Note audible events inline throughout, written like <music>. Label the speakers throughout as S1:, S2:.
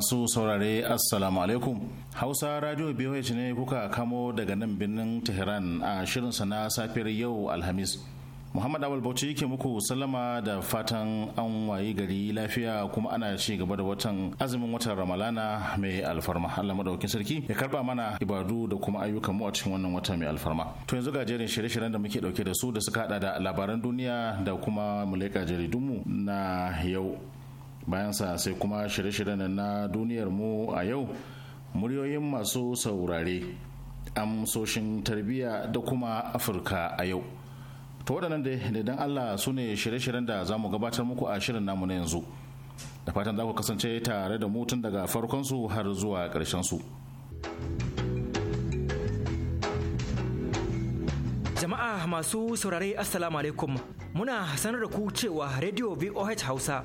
S1: masu saurare assalamu alaikum hausa radio bih ne kuka kamo daga nan birnin tehran a shirin na safiyar yau alhamis muhammad awal bauchi ke muku sallama da fatan an wayi gari lafiya kuma ana ci gaba da watan azumin watan ramalana mai alfarma allah madaukin sarki ya karba mana ibadu da kuma ayyukan mu a cikin wannan wata mai alfarma to yanzu ga jerin shirye-shiryen da muke dauke da su da suka hada da labaran duniya da kuma muleka jaridunmu na yau bayan sa sai kuma shirye-shiryen na duniyar mu a yau muryoyin masu saurare amsoshin tarbiyya da kuma afirka a yau to waɗannan da idan allah su ne shirye-shiryen da za mu gabatar muku a shirin namu na yanzu da fatan za ku kasance tare da mu tun daga su har zuwa ƙarshen su
S2: jama'a masu saurare assalamu alaikum muna sanar da ku cewa radio voh hausa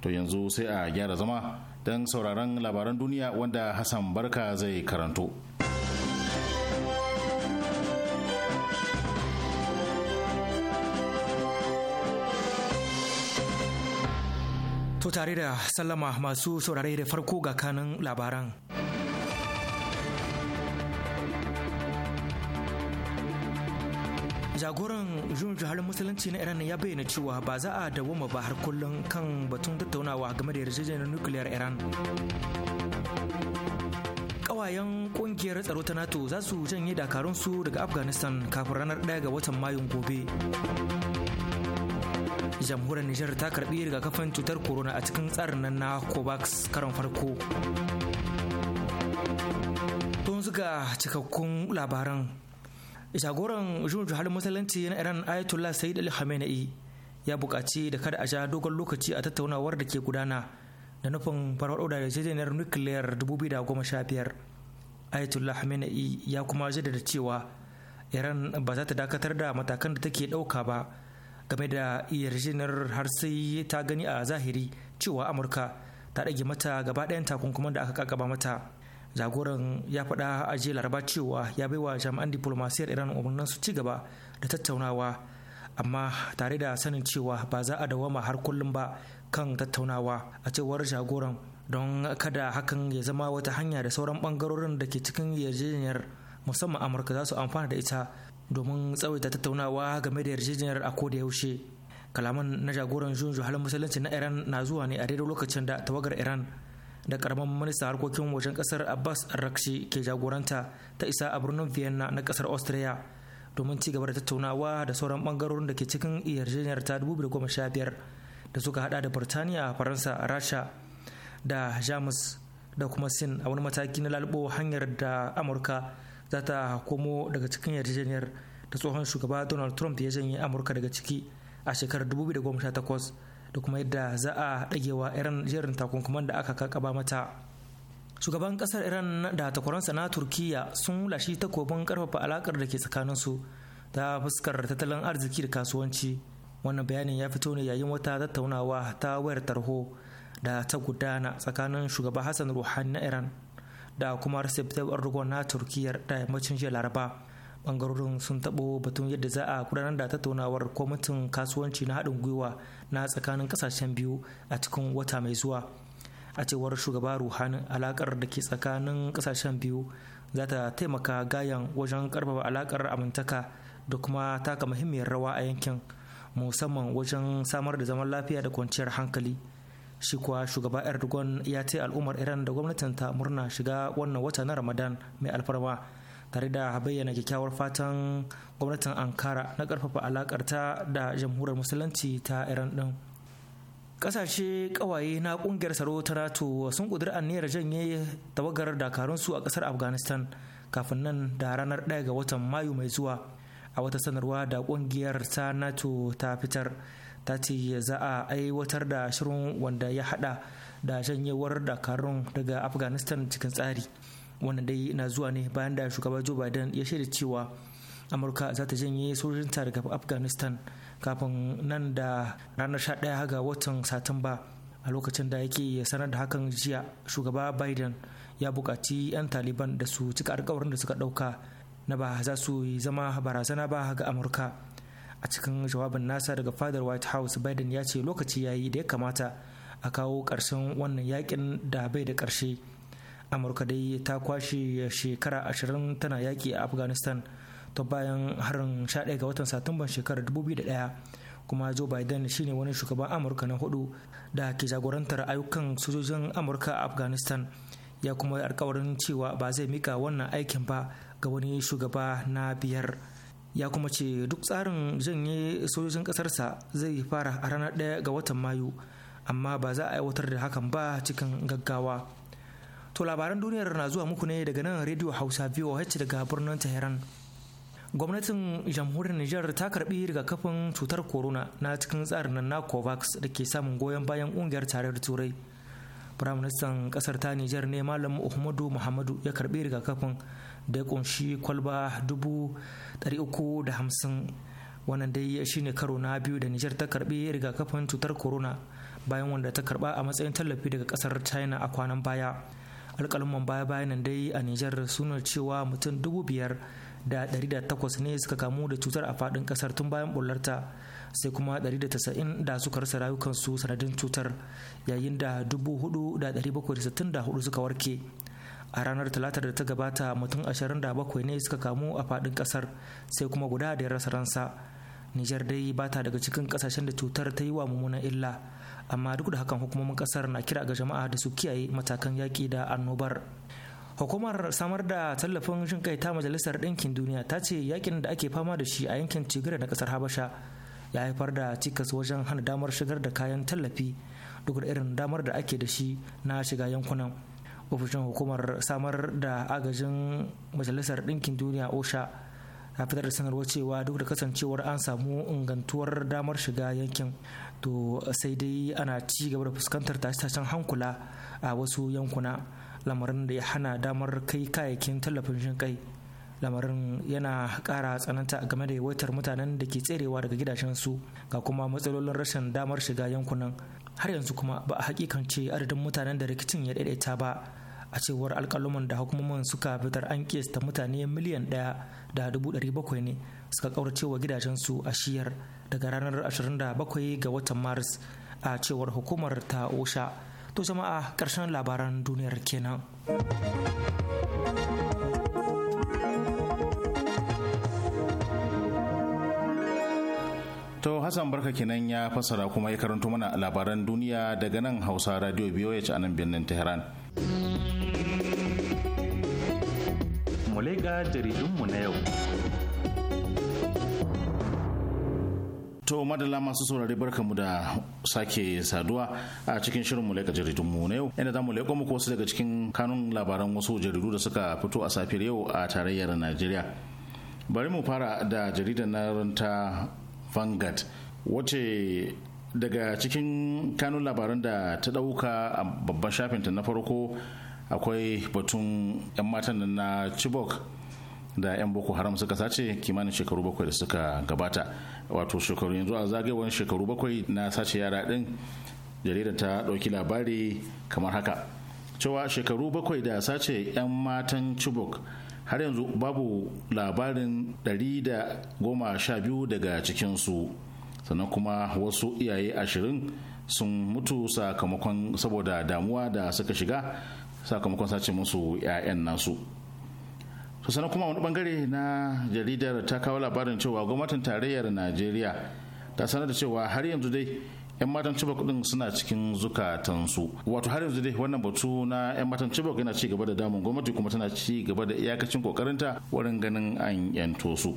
S1: to yanzu sai a gyara zama don sauraron labaran duniya wanda hassan barka zai karanto
S2: to tare da sallama masu saurare da farko ga kanin labaran jagoran jun jihar musulunci na iran ya bayyana cewa ba za a dawoma ba har kullum kan batun tattaunawa game da yarjejeniyar nukiliyar iran kawayen kungiyar tsaro ta nato za su janye su daga afghanistan kafin ranar 1 ga watan mayun gobe jamhuriyar Nijar ta karbi rigakafin cutar corona a cikin tsarin nan na COVAX karon farko. Tun zuga cikakkun labaran jagoran jun halin musulunci na iran ayatollah sayyid ali khamenei ya buƙaci da kada a sha dogon lokaci a tattaunawar da ke gudana da nufin farfaɗo da yarjejeniyar nukiliyar 2015 ayatollah khamenei ya kuma jaddada cewa iran ba za ta dakatar da matakan da take ɗauka ba game da yarjejeniyar har sai ta gani a zahiri cewa amurka ta ɗage mata gaba ɗayan takunkuman da aka gaba mata jagoran ya faɗa a jiya laraba cewa ya bai wa jami'an diplomasiyar iran umarnin su ci gaba da tattaunawa amma tare da sanin cewa ba za a dawama har kullum ba kan tattaunawa a cewar jagoran don kada hakan ya zama wata hanya da sauran bangarorin da ke cikin yarjejeniyar musamman amurka za su amfana da ita domin tsawaita tattaunawa game da yarjejeniyar a koda yaushe kalaman na jagoran junju halin musulunci na iran na zuwa ne a daidai lokacin da tawagar iran da karamin minista harkokin wajen kasar abbas rakshi ke jagoranta ta isa a birnin vienna na kasar austria domin ci gaba da tattaunawa da sauran bangarorin da ke cikin yarjejeniyar ta 2015 da suka hada da birtaniya faransa rasha da jamus da kuma sin a wani mataki na lalbo hanyar da amurka za ta komo daga cikin yarjejeniyar da tsohon shugaba donald trump ya janye amurka daga ciki a shekarar 2018 da kuma yadda za a ɗagewa iran jerin takunkuman da aka kakaba mata shugaban kasar iran da takwaransa na turkiya sun lashi takobin karfafa alakar da ke tsakaninsu ta fuskar tattalin arziki da kasuwanci wannan bayanin ya fito ne yayin wata tattaunawa ta wayar tarho da ta gudana tsakanin shugaban hassan ruhani na iran da kuma recep tayyip erdogan na turkiyar da yammacin jiya laraba bangarorin sun taɓo batun yadda za a gudanar da tattaunawar kwamitin kasuwanci na haɗin gwiwa na tsakanin ƙasashen biyu a cikin wata mai zuwa a cewar shugaba ruhani alaƙar da ke tsakanin ƙasashen biyu za ta taimaka gayan wajen ƙarfafa alaƙar amintaka da kuma taka muhimmiyar rawa a yankin musamman wajen samar da zaman lafiya da kwanciyar hankali shi kuwa shugaba erdogan ya ce al'ummar iran da gwamnatinta murna shiga wannan wata na ramadan mai alfarma tare da bayyana kyakkyawar fatan gwamnatin ankara na karfafa alakarta da jamhuriyar musulunci ta iran din kasashe kawaye na kungiyar tsaro ta nato sun an aniyar janye tawagar dakarunsu a kasar afghanistan kafin nan da ranar 1 ga watan mayu mai zuwa a wata sanarwa da kungiyar ta nato ta fitar ta ce za a aiwatar da shirin wanda ya hada da janyewar dakarun daga afghanistan cikin tsari wannan dai na zuwa ne bayan da shugaba joe biden ya shaida cewa amurka za ta janye sojojinta daga afghanistan kafin nan da ranar 11 ga watan satumba a lokacin da yake ya sanar da hakan jiya shugaba biden ya bukaci 'yan taliban da su cika alkawarin da suka ɗauka na ba za su yi zama barazana ba ga amurka a cikin jawabin nasa daga fadar white house biden ya ce lokaci ya yi da ya kamata a kawo karshen wannan yakin da bai da ƙarshe amurka dai ta kwashe shekara ashirin tana yaki a afghanistan ta bayan harin 11 ga watan satumban shekarar 2001 kuma joe biden shine wani shugaban amurka na hudu da ke jagorantar ayyukan sojojin amurka a afghanistan ya kuma yi alkawarin cewa ba zai mika wannan aikin ba ga wani shugaba na biyar ya kuma ce duk tsarin janye sojojin kasarsa zai fara a ranar 1 ga watan mayu amma ba za a aiwatar da hakan ba cikin gaggawa To labaran duniyar na zuwa muku ne daga nan Radio Hausa VOH daga birnin Tehran. Gwamnatin jamhuriyar Nijar ta karbi rigakafin cutar corona na cikin tsarin na COVAX da ke samun goyon bayan kungiyar tarayyar Turai. Firaministan kasar ta Nijar ne Malam Muhammadu Muhammadu ya karbi rigakafin da ya kunshi kwalba dubu uku da wannan dai shine karo na biyu da Nijar ta karbi rigakafin cutar corona bayan wanda ta karba a matsayin tallafi daga kasar China a kwanan baya. alkalman baya bayanan dai a nijar suna cewa mutum dubu biyar da ɗari da takwas ne suka kamu da cutar a faɗin kasar tun bayan bullarta sai kuma ɗari da tasa'in da suka rasa rayukansu sanadin cutar yayin da dubu hudu da da bakwai sittin hudu suka warke a ranar talatar da ta gabata mutum ashirin da bakwai ne suka kamu a fadin kasar sai kuma guda da ya rasa ransa nijar dai bata daga cikin kasashen da cutar ta yi wa mummunan illa amma duk da hakan hukumomin kasar na kira ga jama'a da su kiyaye matakan yaƙi da annobar hukumar samar da tallafin jin kai ta majalisar ɗinkin duniya ta ce yakin da ake fama da shi a yankin tigray na ƙasar habasha ya haifar da cikas wajen hana damar shigar da kayan tallafi duk da irin damar da ake da shi na shiga yankunan ofishin hukumar samar da agajin majalisar ɗinkin duniya osha a fitar da sanarwar cewa duk da kasancewar an samu ingantuwar damar shiga yankin to sai dai ana ci gaba da fuskantar tashe-tashen hankula a wasu yankuna lamarin da ya hana damar kai kayayyakin tallafin shin kai lamarin yana kara tsananta game da yawaitar mutanen da ke tserewa daga gidajensu ga kuma matsalolin rashin damar shiga yankunan har yanzu kuma ba a hakikance adadin mutanen da rikicin ya daidaita ba a cewar alkaloman da hukumomin suka fitar an kesta mutane miliyan ɗaya da dubu ɗari bakwai ne suka kauracewa gidajensu a shiyar daga ranar 27 ga watan maris a cewar hukumar ta osha to jama'a karshen labaran duniyar kenan
S1: To Hassan Barka kenan ya fassara kuma ya karanto mana labaran duniya daga nan Hausa Radio ya a nan birnin Tehran. mu ga jaridunmu na yau. To madalla masu saurari barkamu da sake saduwa a cikin shirin mu leka jaridun mu na yau inda mu leko muku wasu daga cikin kanun labaran wasu jaridu da suka fito a safiyar yau a tarayyar Najeriya. Bari mu fara da jaridar na ranta Vanguard wace daga cikin kanun labaran da ta dauka a babban shafinta na farko akwai batun 'yan matan na chibok da 'yan boko haram suka sace kimanin shekaru bakwai da suka gabata wato shekaru yanzu a zagayewar shekaru bakwai na sace yara din jaridar ta ɗauki labari kamar haka cewa shekaru bakwai da sace 'yan matan chibok har yanzu babu labarin 112 daga cikinsu sannan kuma wasu iyaye ashirin sun mutu sakamakon saboda damuwa da suka shiga sakamakon sace musu 'ya'yan nasu to sannan kuma wani bangare na jaridar ta kawo labarin cewa gwamnatin tarayyar najeriya ta sanar da cewa har yanzu dai 'yan matan cibok din suna cikin zukatansu wato har yanzu dai wannan batu na 'yan matan cibok yana ci gaba da damun gwamnati kuma tana ci gaba da iyakacin kokarinta wurin ganin an yanto su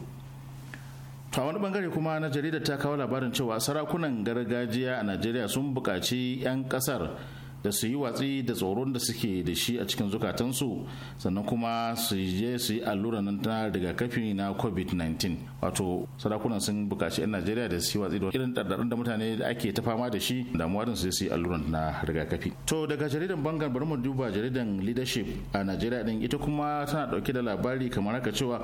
S1: to a wani bangare kuma na jaridar ta kawo labarin cewa sarakunan gargajiya a najeriya sun buƙaci 'yan ƙasar da su yi watsi da tsoron da suke da shi a cikin zukatansu sannan kuma su je su yi allura nan ta rigakafi na covid-19 wato sarakunan sun bukaci 'yan najeriya da su yi watsi da irin ɗaɗɗaɗɗun da mutane da ake ta fama da shi damuwa din su su yi alluran na rigakafi to daga jaridan bangar bari mu duba jaridan leadership a najeriya din ita kuma tana ɗauke da labari kamar haka cewa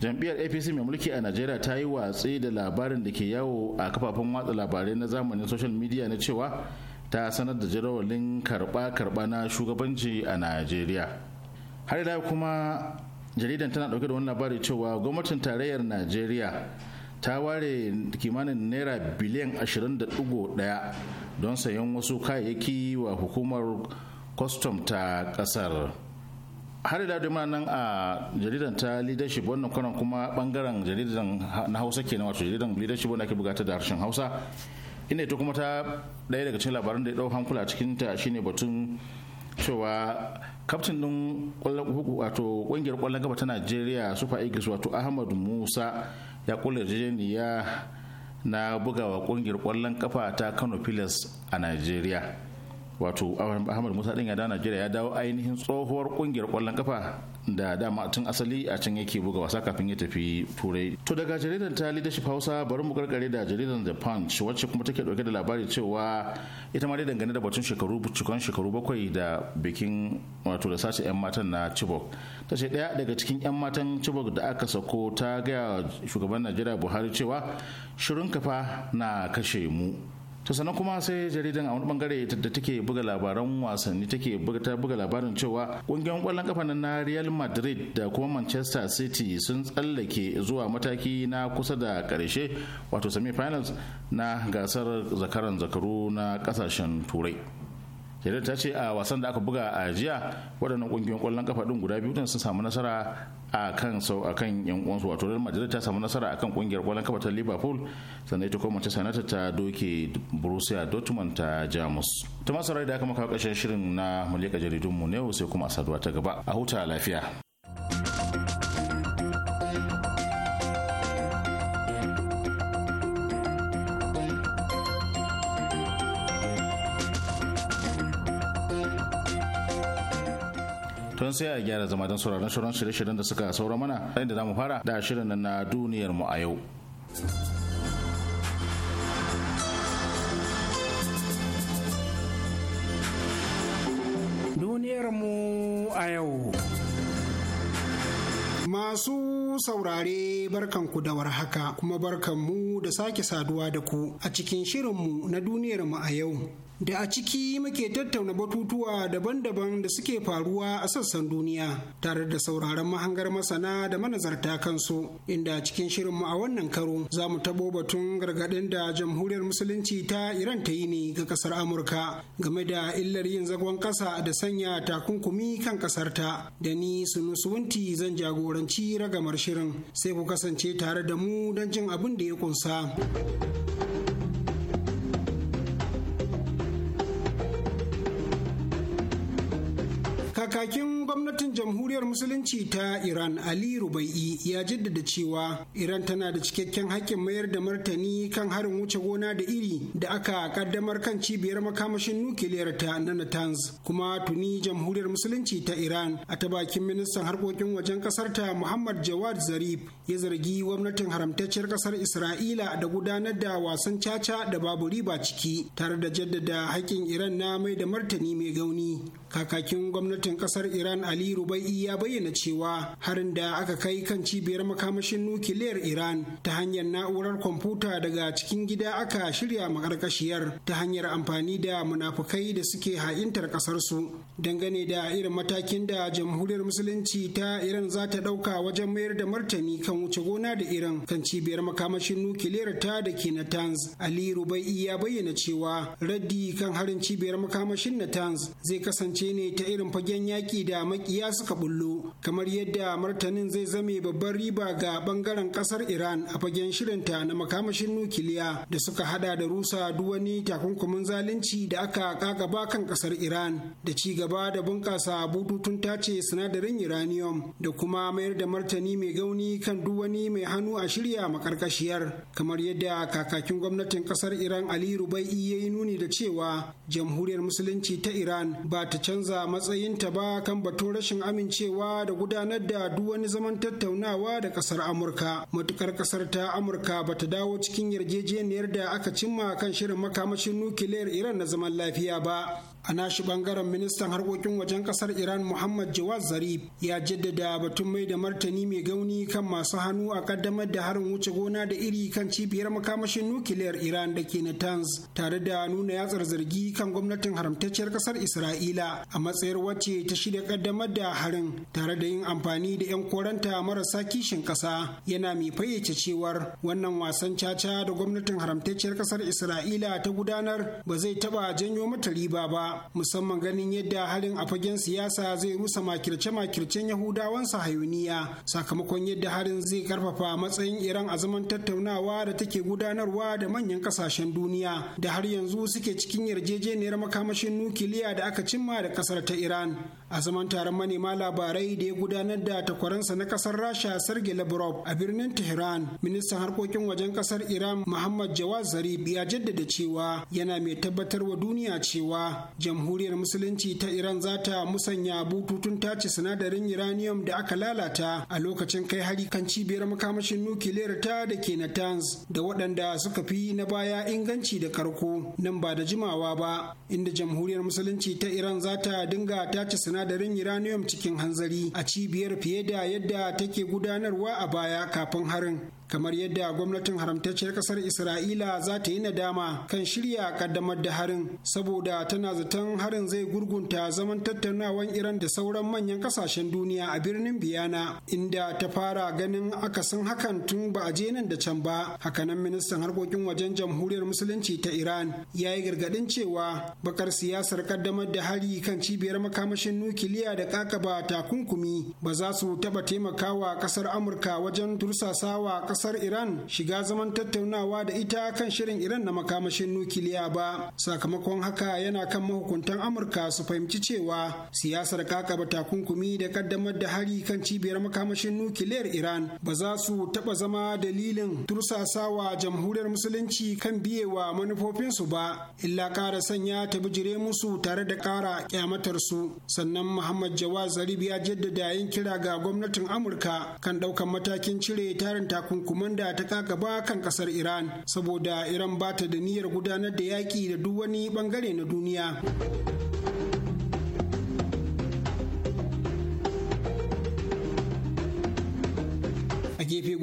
S1: jam'iyyar apc mai mulki a najeriya ta yi watsi da labarin da ke yawo a kafafen watsa labarai na zamanin social media na cewa ta sanar da jadawalin karba-karba na shugabanci a najeriya har da kuma jaridan tana dauke da wani labari cewa gwamnatin tarayyar najeriya ta ware kimanin naira biliyan 20.1 don sayan wasu kayayyaki wa hukumar kwastam ta kasar har da dama nan a jaridan ta leadership wannan kwanan kuma bangaren jaridan na hausa kenan wato jaridan leadership wanda ake bugata da harshen hausa inda ita kuma ta ɗaya daga cikin labaran da ya dau hankula cikin ta shine batun cewa kaftin din wato kungiyar kwallon gaba ta najeriya super eagles wato ahmad musa ya da yarjejeniya na bugawa ƙungiyar ƙwallon kafa ta kano pilas a najeriya wato ahmad musa ɗin ya dawo najeriya ya dawo ainihin tsohuwar kungiyar kwallon kafa da dama tun asali a can yake buga wasa kafin ya tafi turai to daga jaridar ta leadership hausa bari mu karkare da jaridar the punch wacce kuma take dauke da labari cewa ita ma dai dangane da batun shekaru cikon shekaru bakwai da bikin wato da sace yan matan na chibok ta ce daya daga cikin yan matan chibok da aka sako ta gaya shugaban najeriya buhari cewa shirin kafa na kashe mu ta sannan kuma sai jaridan a wani bangare da take buga labaran wasanni take buga ta buga labarin cewa kungiyar kwallon kafa na Real Madrid da kuma Manchester City sun tsallake zuwa mataki na kusa da karshe wato semi finals na gasar zakaran zakaru na kasashen turai yadda ta ce a wasan da aka buga a jiya waɗannan ƙungiyoyin ƙwallon kafa ɗin guda biyu tun sun samu nasara a kan sau a kan yan uwansu wato Real Madrid ta samu nasara a kan ƙungiyar ƙwallon kafa ta Liverpool sannan ita kuma Manchester United ta doke Borussia Dortmund ta Jamus ta masarai da aka maka ƙarshen shirin na mulika jaridunmu ne sai kuma a saduwa ta gaba a huta lafiya Tun sai a gyara zama don sauraron shirin shirye-shiryen da suka saura mana da za mu fara da shirin na duniyar mu a yau.
S3: Duniyar mu a yau. Masu saurare barkanku da warhaka kuma barkan mu da sake saduwa da ku a cikin shirinmu na duniyarmu a yau. da a ciki muke tattauna batutuwa daban-daban da suke faruwa a sassan duniya tare da sauraron mahangar masana da manazarta kansu inda cikin shirinmu a wannan karo za mu tabo batun gargaɗin da jamhuriyar musulunci ta iran ta yi ne ga ƙasar amurka game da illar yin zagon ƙasa da sanya takunkumi kan kasar ta da ni sunusuwunti zan jagoranci ragamar shirin sai ku kasance tare da mu don jin abin da ya ƙunsa. Kakakin gwamnatin jamhuriyar musulunci ta Iran Ali Rubai'i ya jaddada cewa Iran tana da cikakken hakkin mayar da martani kan harin wuce gona da iri da aka kaddamar kan cibiyar makamashin nukiliyar ta na Natanz kuma tuni jamhuriyar musulunci ta Iran a ta bakin ministan harkokin wajen kasar ta Muhammad Jawad Zarif ya zargi gwamnatin haramtacciyar kasar Isra'ila da gudanar da wasan caca da babu riba ciki tare da jaddada hakkin Iran na mai da martani mai gauni. kakakin gwamnatin kasar iran ali rubai ya bayyana cewa harin da aka kai kan cibiyar makamashin nukiliyar iran ta hanyar na'urar kwamfuta daga cikin gida aka shirya makarkashiyar ta hanyar amfani da munafukai da suke ha'intar kasar dangane da irin matakin da jamhuriyar musulunci ta iran za ta ɗauka wajen mayar da martani kan wuce gona da iran kan cibiyar makamashin nukiliyar ta da ke natanz ali rubai ya bayyana cewa raddi kan harin cibiyar makamashin natanz zai kasance kasance ne ta irin fagen yaƙi da makiya suka bullo kamar yadda martanin zai zame babban riba ga bangaren ƙasar iran a fagen shirinta na makamashin nukiliya da suka hada da rusa duwani takunkumin zalunci da aka kakaba kan ƙasar iran da ci gaba da bunƙasa bututun tace sinadarin uranium da kuma mayar da martani mai gauni kan duwani mai hannu a shirya makarkashiyar kamar yadda kakakin gwamnatin ƙasar iran ali rubai ya yi nuni da cewa jamhuriyar musulunci ta iran ba ta canza matsayinta ba kan batun rashin amincewa da gudanar da duk wani zaman tattaunawa da kasar Amurka. Matukar kasar ta Amurka ba ta dawo cikin yarjejeniyar da aka cimma kan shirin makamashin nukiliyar Iran na zaman lafiya ba. a nashi bangaren ministan harkokin wajen kasar iran muhammad jawad zarif ya jaddada batun mai da martani mai gauni kan masu hannu a kaddamar da harin wuce gona da iri kan cibiyar makamashin nukiliyar iran da ke natanz tare da nuna yatsar zargi kan gwamnatin haramtacciyar kasar isra'ila a matsayar wacce ta shirya kaddamar da harin tare da yin amfani da 'yan koranta marasa kishin kasa yana mai fayyace cewar wannan wasan caca da gwamnatin haramtacciyar kasar isra'ila ta gudanar ba zai taba janyo mata riba ba musamman ganin yadda halin a fagen siyasa zai rusa makirce-makircen yahudawan sahayuniya sakamakon yadda harin zai karfafa matsayin iran a zaman tattaunawa da take gudanarwa da manyan kasashen duniya da har yanzu suke cikin yarjejeniyar makamashin nukiliya da aka cimma da kasar ta iran a zaman taron manema labarai da ya gudanar da takwaransa na kasar rasha sergei lavrov a birnin tehran ministan harkokin wajen kasar iran muhammad jawad zarif ya jaddada cewa yana mai tabbatar wa duniya cewa jamhuriyar musulunci ta iran za ta musanya bututun tace sinadarin uranium da aka lalata a lokacin kai hari kan cibiyar makamashin nukiliyar ta da ke natanz da waɗanda suka fi na baya inganci da karko nan ba da jimawa ba inda jamhuriyar musulunci ta iran za ta dinga tace sinadarin sinadarin uranium cikin hanzari a cibiyar fiye da yadda take gudanarwa a baya kafin harin kamar yadda gwamnatin haramtacciyar kasar isra'ila za ta yi nadama kan shirya kaddamar da harin saboda tana zaton harin zai gurgunta zaman tattaunawan iran da sauran manyan kasashen duniya a birnin biyana inda ta fara ganin akasin hakan tun ba a je nan da can ba hakanan ministan harkokin wajen jamhuriyar musulunci ta iran ya yi gargadin cewa bakar siyasar kaddamar da hari kan cibiyar makamashin nukiliya da kakaba takunkumi ba za su taba taimakawa kasar amurka wajen tursasawa kasar Iran shiga zaman tattaunawa da ita kan shirin Iran na makamashin nukiliya ba. Sakamakon haka yana kan mahukuntan Amurka su fahimci cewa siyasar kakaba takunkumi da kaddamar da hari kan cibiyar makamashin nukiliyar Iran ba za su taɓa zama dalilin tursasawa jamhuriyar musulunci kan biyewa manufofinsu ba, illa ƙara sanya ta bijire musu tare da ƙara kyamatarsu. Sannan Muhammad Jawad Zarif ya jaddada yin kira ga gwamnatin Amurka kan ɗaukan matakin cire tarin takunkumi hukuman da ta kagaba kan kasar Iran saboda Iran ba ta da niyyar gudanar da yaƙi da duk wani bangare na duniya.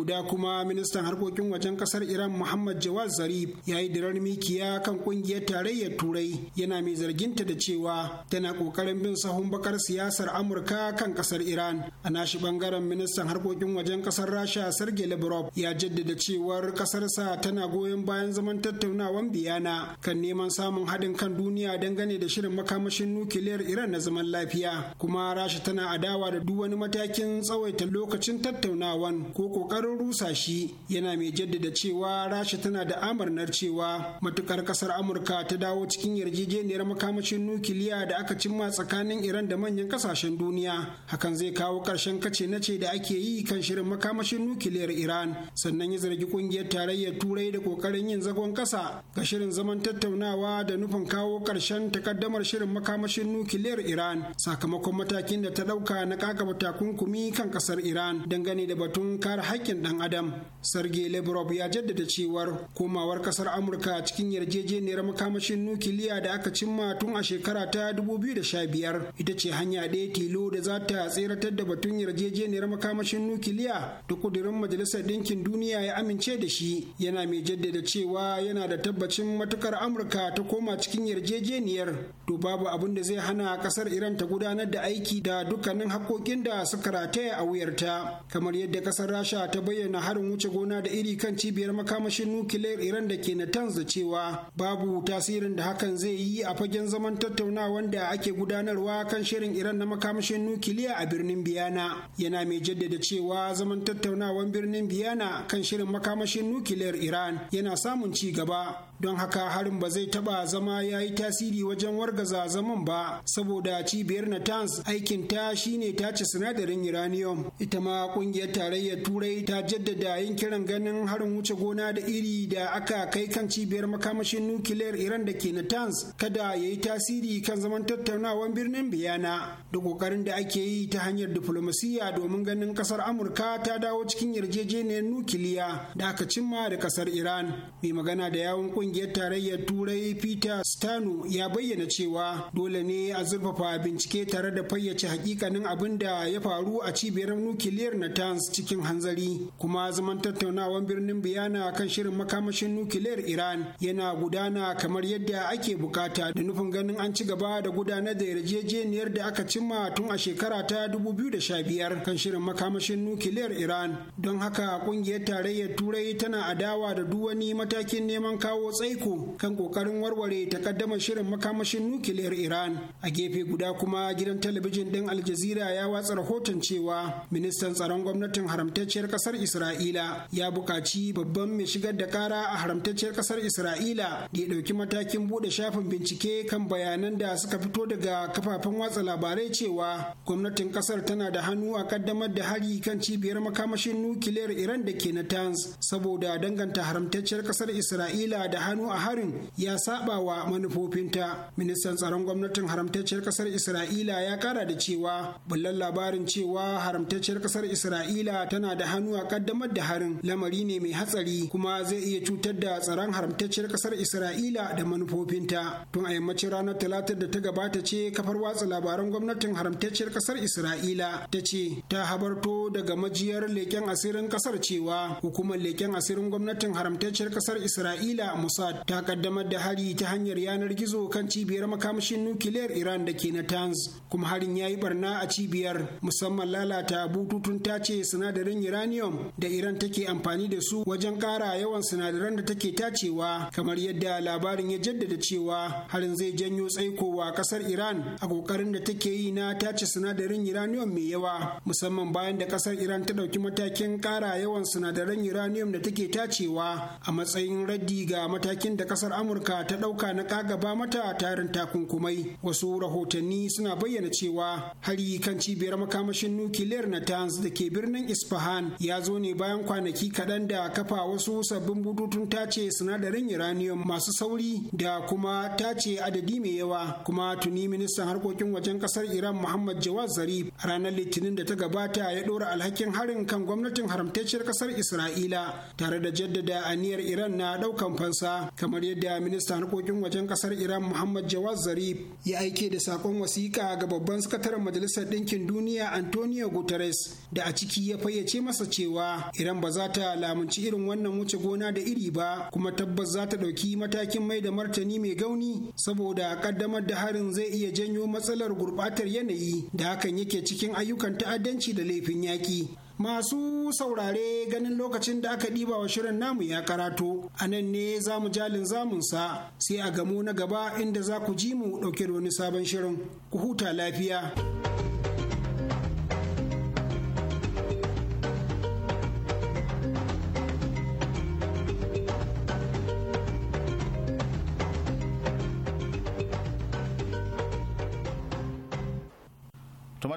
S3: guda kuma ministan harkokin wajen kasar iran muhammad jawad zarif ya yi dirar mikiya kan kungiyar tarayyar turai yana mai zarginta da cewa tana kokarin bin sahun bakar siyasar amurka kan kasar iran a nashi bangaren ministan harkokin wajen kasar rasha sergei lavrov ya jaddada cewar kasarsa tana goyon bayan zaman tattaunawan biyana kan neman samun haɗin kan duniya dangane da shirin makamashin nukiliyar iran na zaman lafiya kuma rasha tana adawa da duk wani matakin tsawaita lokacin tattaunawan ko kokarin kokarin rusa shi yana mai jaddada cewa rasha tana da amarnar cewa matukar kasar amurka ta dawo cikin yarjejeniyar makamashin nukiliya da aka cimma tsakanin iran da manyan kasashen duniya hakan zai kawo karshen kace na ce da ake yi kan shirin makamashin nukiliyar iran sannan ya zargi kungiyar tarayyar turai da kokarin yin zagon kasa ga shirin zaman tattaunawa da nufin kawo karshen takaddamar shirin makamashin nukiliyar iran sakamakon matakin da ta dauka na kakaba takunkumi kan kasar iran dangane da batun kare haƙƙin ɗan adam sergei lavrov ya jaddada cewar komawar kasar amurka cikin yarjejeniyar makamashin nukiliya da aka cimma tun a shekara ta 2015 ita ce hanya ɗaya tilo da za ta tseratar da batun yarjejeniyar makamashin nukiliya da kudurin majalisar ɗinkin duniya ya amince da shi yana mai jaddada cewa yana da tabbacin matukar amurka ta koma cikin yarjejeniyar to babu abin da zai hana kasar iran ta gudanar da aiki da dukkanin hakokin da suka rataya a wuyarta kamar yadda kasar rasha ta bayyana harin wuce gona da iri kan cibiyar makamashin nukiliyar Iran da ke na da cewa babu tasirin da hakan zai yi a fagen zaman tattaunawan da ake gudanarwa kan shirin Iran na makamashin nukiliya a birnin Biyana. Yana mai jaddada cewa zaman tattaunawan birnin Biyana kan shirin makamashin nukiliyar Iran yana samun ci gaba don haka harin ba zai taba zama ya yi tasiri wajen wargaza zaman ba saboda cibiyar natanz aikin ta shine tace sinadarin uranium ita ma kungiyar tarayyar turai ta jaddada yin kiran ganin harin wuce gona da iri da aka kai kan cibiyar makamashin nukiliyar iran da ke natanz kada ya yi tasiri kan zaman tattaunawan birnin biyana da kokarin da ake yi ta hanyar diflomasiyya domin ganin kasar amurka ta dawo cikin yarjejeniyar nukiliya da aka cimma da kasar iran mai magana da yawon kungiyar tarayyar turai peter stano ya bayyana cewa dole ne a zurfafa bincike tare da fayyace hakikanin abin da ya faru a cibiyar nukiliyar natanz cikin hanzari kuma zaman tattaunawan birnin biyana kan shirin makamashin nukiliyar iran yana gudana kamar yadda ake bukata da nufin ganin an ci gaba da gudanar da yarjejeniyar da aka cimma tun a shekara ta 2015 kan shirin makamashin nukiliyar iran don haka kungiyar tarayyar turai tana adawa da duk wani matakin neman kawo tsaiko kan kokarin warware takaddamar shirin makamashin nukiliyar Iran. A gefe guda kuma gidan talabijin ɗin Al Jazeera ya watsa rahoton cewa ministan tsaron gwamnatin haramtacciyar ƙasar Isra'ila ya buƙaci babban mai shigar da ƙara a haramtacciyar ƙasar Isra'ila da ya ɗauki matakin buɗe shafin bincike kan bayanan da suka fito daga kafafen watsa labarai cewa gwamnatin ƙasar tana da hannu a ƙaddamar da hari kan cibiyar makamashin nukiliyar Iran da ke na Tans saboda danganta haramtacciyar ƙasar Isra'ila da hannu a harin ya saba wa manufofinta ministan tsaron gwamnatin haramtacciyar kasar isra'ila ya kara da cewa bullan labarin cewa haramtacciyar kasar isra'ila tana da hannu a kaddamar da harin lamari ne mai hatsari kuma zai iya cutar da tsaron haramtacciyar kasar isra'ila da manufofinta tun a yammacin ranar talatar da ta gabata ce kafar watsa labaran gwamnatin haramtacciyar kasar isra'ila ta ce ta habarto daga majiyar leken asirin kasar cewa hukumar leken asirin gwamnatin haramtacciyar kasar isra'ila Mossad ta kaddamar da hari ta hanyar yanar gizo kan cibiyar makamashin nukiliyar Iran da ke na Tanz, kuma harin ya yi barna a cibiyar musamman lalata bututun tace sinadarin uranium da Iran take amfani da su wajen ƙara yawan sinadaran da take tacewa kamar yadda labarin ya jaddada cewa harin zai janyo tsaikowa ƙasar Iran a ƙoƙarin da take yi na tace sinadarin uranium mai yawa musamman bayan da ƙasar Iran ta ɗauki matakin ƙara yawan sinadaran uranium da take tacewa a matsayin raddi ga matakin da kasar amurka ta ɗauka na kagaba mata tarin takunkumai wasu rahotanni suna bayyana cewa hari kan cibiyar makamashin nukiliyar natanz da ke birnin isfahan ya zo ne bayan kwanaki kaɗan da kafa wasu sabbin bututun tace sinadarin uranium masu sauri da kuma tace adadi mai yawa kuma tuni ministan harkokin wajen kasar iran muhammad jawad zarif ranar litinin da ta gabata ya ɗora alhakin harin kan gwamnatin haramtacciyar kasar isra'ila tare da jaddada aniyar iran na ɗaukan fansa kamar yadda ministan harkokin wajen kasar iran muhammad jawad zarif ya aike da sakon wasiƙa ga babban sakataren majalisar ɗinkin duniya antonio guterres da a ciki ya fayyace masa cewa iran ba za ta lamunci irin wannan wuce gona da iri ba kuma tabbas za ta ɗauki matakin mai da martani mai gauni saboda ƙaddamar da harin zai iya janyo matsalar gurɓatar yanayi da hakan yake cikin ayyukan ta'addanci da laifin yaƙi Masu saurare ganin lokacin da aka ɗiba wa shirin namu ya karato, a nan ne za mu jalin zamunsa sai a gamu na gaba inda za ku ji mu ɗauke da wani sabon shirin. Ku huta lafiya.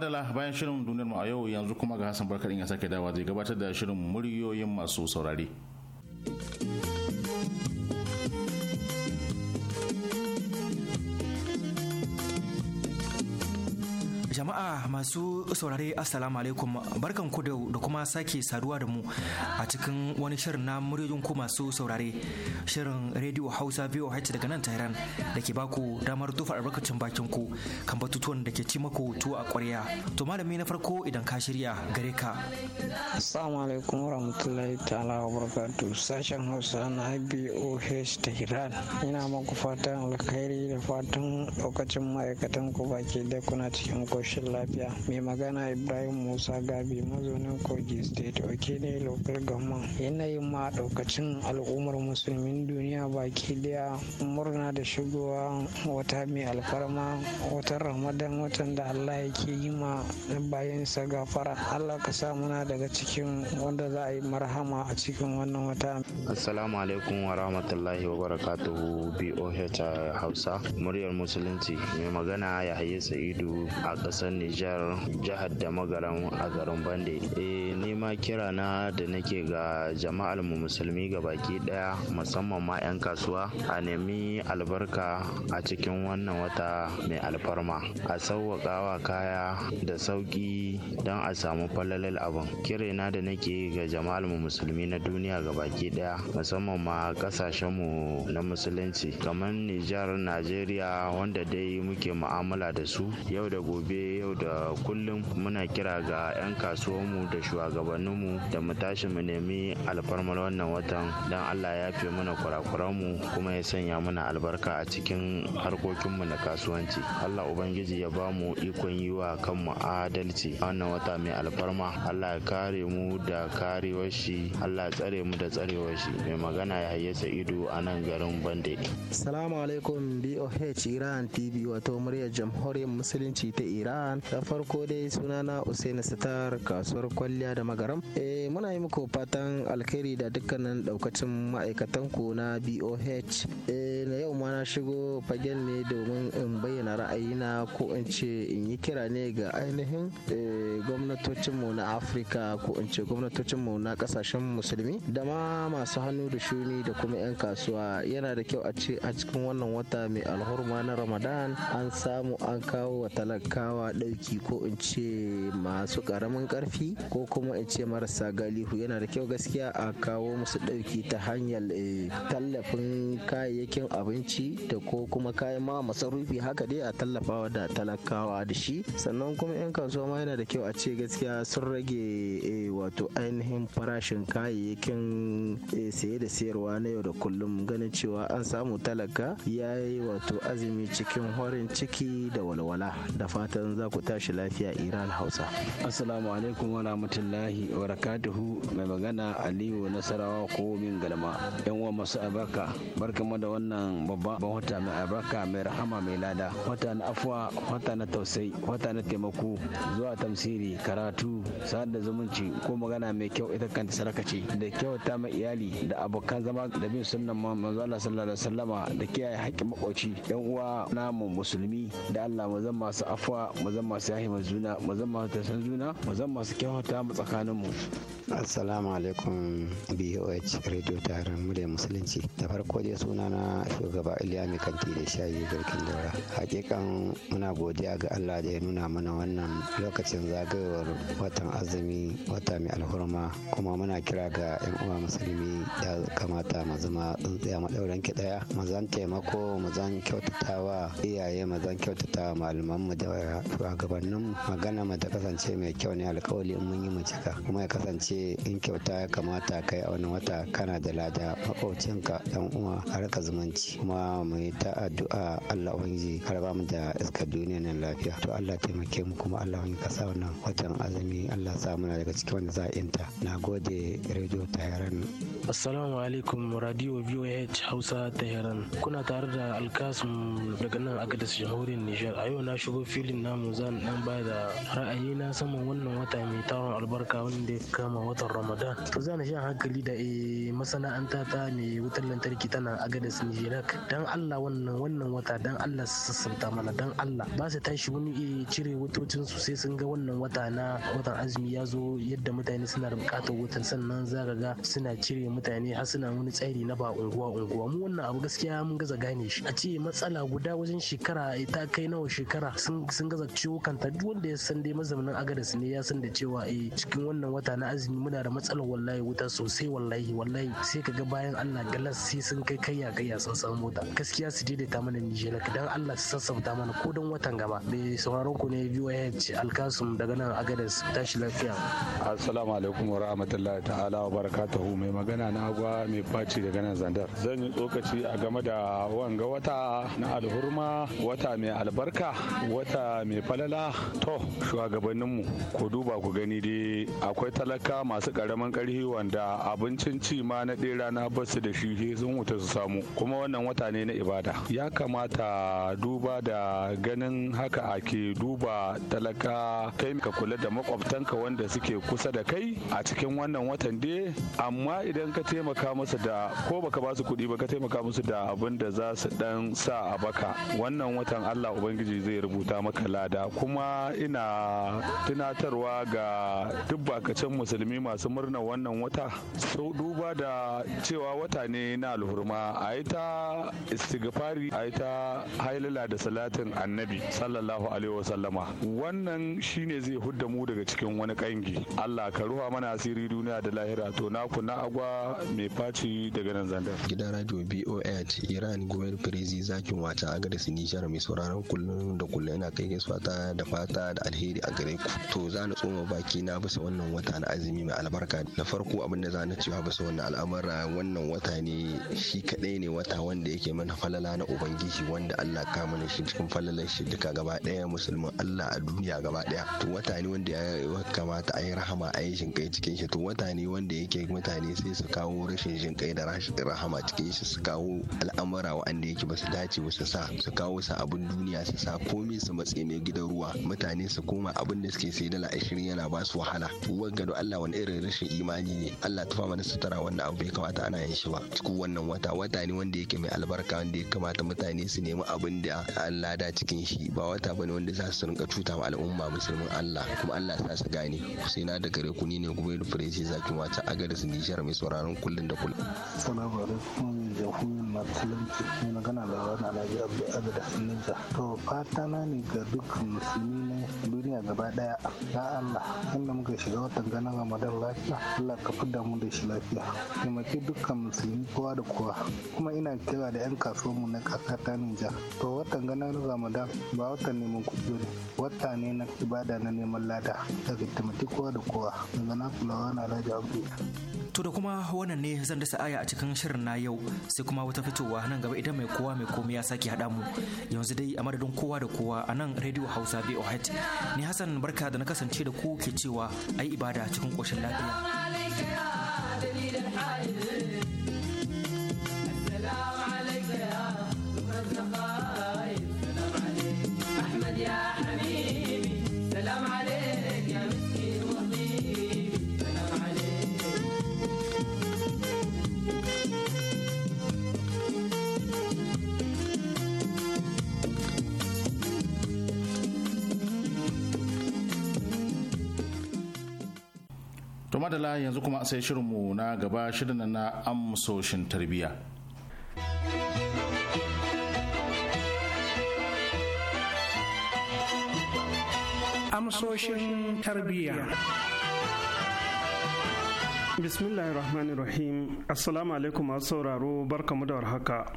S1: madala bayan shirin duniyar mu a yau yanzu kuma ga Hassan Barkar ya sake dawa zai gabatar da shirin muryoyin masu saurari.
S2: Jama'a masu saurare Assalamu alaikum barkan ku da kuma sake saduwa da mu a cikin wani shirin na muryoyin ku masu saurare shirin Radio Hausa biyu haiti daga nan Tehran da ke baku damar tufa albarkacin bakin ku kan batutuwan da ke ci maku tuwo a kwarya To malami na farko idan ka shirya gare ka.
S4: Assalamu alaikum rahmatullahi ta'ala wa barakatuh sashen Hausa na IBOH Tehran ina maku fatan alkhairi da fatan lokacin ma'aikatan ku baki da kuna cikin ƙoshin lafiya mai magana ibrahim musa gabi mazaunin kogi state oke ne local yanayin ma ɗaukacin al'ummar musulmin duniya baki daya murna da shigowa wata mai alfarma watan ramadan watan da allah yake yi ma bayan ga gafara allah ka sa muna daga cikin wanda za a yi marhama a cikin wannan wata
S5: assalamu alaikum wa rahmatullahi wa barakatuhu boh hausa muryar musulunci mai magana ya haye sa'idu a kasar Nijar jihar da magaran a garin Bande. Eh ma kira na da nake ga jama'ar mu musulmi ga baki daya musamman ma 'yan kasuwa a nemi albarka a cikin wannan wata mai alfarma. A sauwaƙawa kaya da sauƙi don a samu falalal abin. Kire na da nake ga jama'ar mu musulmi na duniya ga baki daya musamman ma ƙasashen mu na musulunci kamar Nijar Najeriya wanda dai muke mu'amala da su yau da gobe yau da kullum muna kira ga 'yan kasuwanmu da shugabanninmu da mu tashi mu nemi alfarmar wannan watan don allah ya fi mana kurakuranmu kuma ya sanya mana albarka a cikin harkokinmu na kasuwanci allah ubangiji ya ba mu ikon yi wa kanmu adalci a wannan wata mai alfarma allah ya kare mu da karewar shi allah tsare mu da tsarewar shi mai magana ya hayyasa ido a nan garin bande
S4: salamu alaikum boh iran tv wato muryar jamhuriyar musulunci ta Ira. sa'an ta farko dai sunana usaini sitar kasuwar kwalliya da magaram e muna yi muku fatan alkhairi da dukkanin daukacin ma'aikatan ku na boh eh na yau ma na shigo fagen ne domin in bayyana ra'ayina ko in ce in yi kira ne ga ainihin eh, gwamnatocinmu na afirka ko in ce gwamnatocinmu na kasashen musulmi da ma masu hannu da shuni da kuma 'yan kasuwa yana da kyau a ce a cikin wannan wata mai alhurma na ramadan an samu an kawo wa talakawa yawa ɗauki ko in ce masu ƙaramin ƙarfi ko kuma in ce marasa galihu yana da kyau gaskiya a kawo musu ɗauki ta hanyar eh, tallafin kayayyakin abinci da ko kuma kayan ma masarufi haka dai a tallafawa da talakawa da shi sannan kuma 'yan kasuwa ma yana da kyau a ce gaskiya sun rage eh, wato ainihin farashin kayayyakin eh, saye da sayarwa na yau da kullum ganin cewa an samu talaka ya yi wato azumi cikin horin ciki da walwala da fatan za ku tashi lafiya iran hausa assalamu alaikum wa rahmatullahi wa barakatuhu mai magana aliyu nasarawa ko min galma yan uwa masu albarka barkamu da wannan babban wata mai albarka mai rahama mai lada wata na afuwa wata na tausayi wata na taimako zuwa tamsiri karatu sa'ad da zumunci ko magana mai kyau ita kanta saraka ce da kyauta mai iyali da abokan zama da bin sunnan manzo Allah sallallahu alaihi wasallama da kiyaye haƙƙin makoci yan uwa namu musulmi da Allah mu zama masu afuwa mazan masu yahi juna mazan masu tasan juna mazan masu kyauta mu tsakanin mu
S5: assalamu alaikum boh radio taron murya musulunci da farko dai suna na shugaba iliya mai kanti da shayi garkin daura hakikan muna godiya ga allah da ya nuna mana wannan lokacin zagayowar watan azumi wata mai alhurma kuma muna kira ga yan uwa musulmi ya kamata mu zama tsintsiya maɗauran ki ɗaya mu zan taimako mu zan kyautatawa iyaye mu zan kyautatawa malaman mu da shugabannin magana mai ta kasance mai kyau ne alkawali in mun yi mu cika kuma ya kasance in kyauta ya kamata kai a wani wata kana da lada makwabcinka dan uwa har ka zumunci kuma mu yi ta addu'a Allah ubangiji har ba mu da iska duniya nan lafiya to Allah taimake mu kuma Allah wani ka sa wannan watan azumi Allah sa muna daga cikin wanda za a inta na gode radio Tehran
S6: assalamu alaikum radio VOH Hausa taheran. kuna tare da Alkasum daga nan agadis jamhuriyar Nijar a yau na shigo filin na samu zan dan ba da ra'ayi na saman wannan wata mai taron albarka wanda ya kama watan Ramadan. To zan shan hankali da eh, masana'anta ta mai wutar lantarki tana agadas Nijirak. Dan Allah wannan wannan wata dan Allah su sassanta mana dan Allah ba su tashi wani eh, cire wutocin su sai sun ga wannan wata na watan azumi ya zo yadda mutane suna da bukatar wutan sannan za ga suna cire mutane har suna wani tsari na ba unguwa unguwa mu wannan abu gaskiya mun gaza gane shi a ce matsala guda wajen shekara eh, ta kai nawa shekara sun gaza matsalar ciwo kanta duk wanda ya san dai mazaunin agadas ne ya san da cewa eh cikin wannan wata na azumi muna da matsalar wallahi wuta sosai wallahi wallahi sai kaga bayan Allah galas sai sun kai kayya kayya sun san mota gaskiya su daidaita mana Nijar dan Allah su sassauta mana ko don watan gaba bai sauraron ku ne VOH Alkasum daga nan agadas tashi lafiya
S7: assalamu alaikum wa rahmatullahi ta'ala wa barakatuhu mai magana na agwa mai faci daga nan zandar zan yi tsokaci a game da wanga wata na alhurma wata mai albarka wata mai mai falala to shugabanninmu ku duba ku gani dai akwai talaka masu karamin karhi wanda abincin ci ma na rana na basu da shi sun wuta su samu kuma wannan wata ne na ibada ya kamata duba da ganin haka ake duba talaka kai ka kula da makwabtanka wanda suke kusa da kai a cikin wannan watan dai amma idan ka taimaka musu da ko baka ba su kuɗi ba ka taimaka musu da abin da za su dan sa a baka wannan watan Allah ubangiji zai rubuta maka lafiya al'ada kuma ina tunatarwa ga duk bakacin musulmi masu murnar wannan wata so duba da cewa wata ne na alhurma a yi ta istighfari a yi ta hailala da salatin annabi sallallahu alaihi wasallama wannan shine zai hudda mu daga cikin wani kangi allah ka ruwa mana asiri duniya da lahira to na na agwa mai faci daga nan zandar gidan radio boh
S8: iran goyar firizi zakin wata agadis sinishar mai sauraron kullum da kullum yana kai gaisuwa Fata da fata da alheri a gare ku to za na tsoma baki na bisa wannan wata na azumi mai albarka na farko abin da za na cewa bisa wannan al'amura wannan wata ne shi kadai ne wata wanda yake mana falala na ubangiji wanda Allah ka mana shi cikin falalar shi duka gaba daya musulmin Allah a duniya gaba daya to wata ne wanda ya kamata a yi rahama a yi shinkai cikin shi to wata ne wanda yake mutane sai su kawo rashin shinkai da rashin rahama cikin shi su kawo al'amura wa'anda yake ba su dace ba su sa su kawo sa abin duniya su sa komai su matse mai gidan ruwa mutane su koma abin da suke sai dala ashirin yana ba su wahala to wanga Allah wani irin rashin imani ne Allah tufa mana sutura wannan abu bai kamata ana yin shi ba cikin wannan wata wata ne wanda yake mai albarka wanda ya kamata mutane su nemi abin da Allah da cikin shi ba wata bane wanda za su rinka cuta ma al'umma musulmin Allah kuma Allah sa su gane na da gare ku ni ne kuma da za ki wata agadis Nijar mai sauraron kullun da kullun
S6: Assalamu alaikum jamhuriyar Musulunci mai magana da wani Alhaji Abdul da Ninja to fata na ne ga duk musulmi na duniya gaba daya ya Allah inda muka shiga watan ganin Ramadan lafiya Allah ka fidda mu da shi lafiya taimaki dukkan musulmi kowa da kowa kuma ina kira da 'yan mu na ƙasa ta Nijar to watan ganin Ramadan ba watan neman kudu ne wata ne na ibada na neman lada daga taimaki kowa da kowa daga na kulawa na Raja Abu
S2: To da kuma wannan ne zan dasa aya a cikin shirin na yau sai kuma wata fitowa nan gaba idan mai kowa mai komai ya sake haɗa mu yanzu dai a madadin kowa da kowa a nan radio hausa boh ni hassan barka da na kasance da ku ke cewa a yi ibada cikin ƙoshin lafiya
S1: madala yanzu kuma sai shirinmu na gaba shirin na amsoshin tarbiyya
S9: amsoshin tarbiyya rahim assalamu alaikum masu sauraro barkamu da warhaka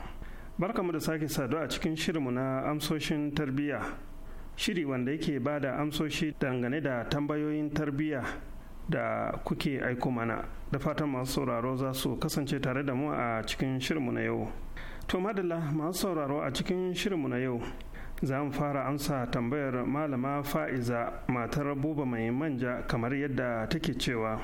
S9: barkamu da sake sadu a cikin shirinmu na amsoshin tarbiyya shiri wanda yake ba da amsoshi dangane da tambayoyin tarbiyya da kuke aiko mana da fatan masu sauraro za su kasance tare da mu a cikin shirinmu na yau to madalla masu sauraro a cikin shirinmu na yau za mu fara amsa tambayar malama fa'iza matar buba mai manja kamar yadda take cewa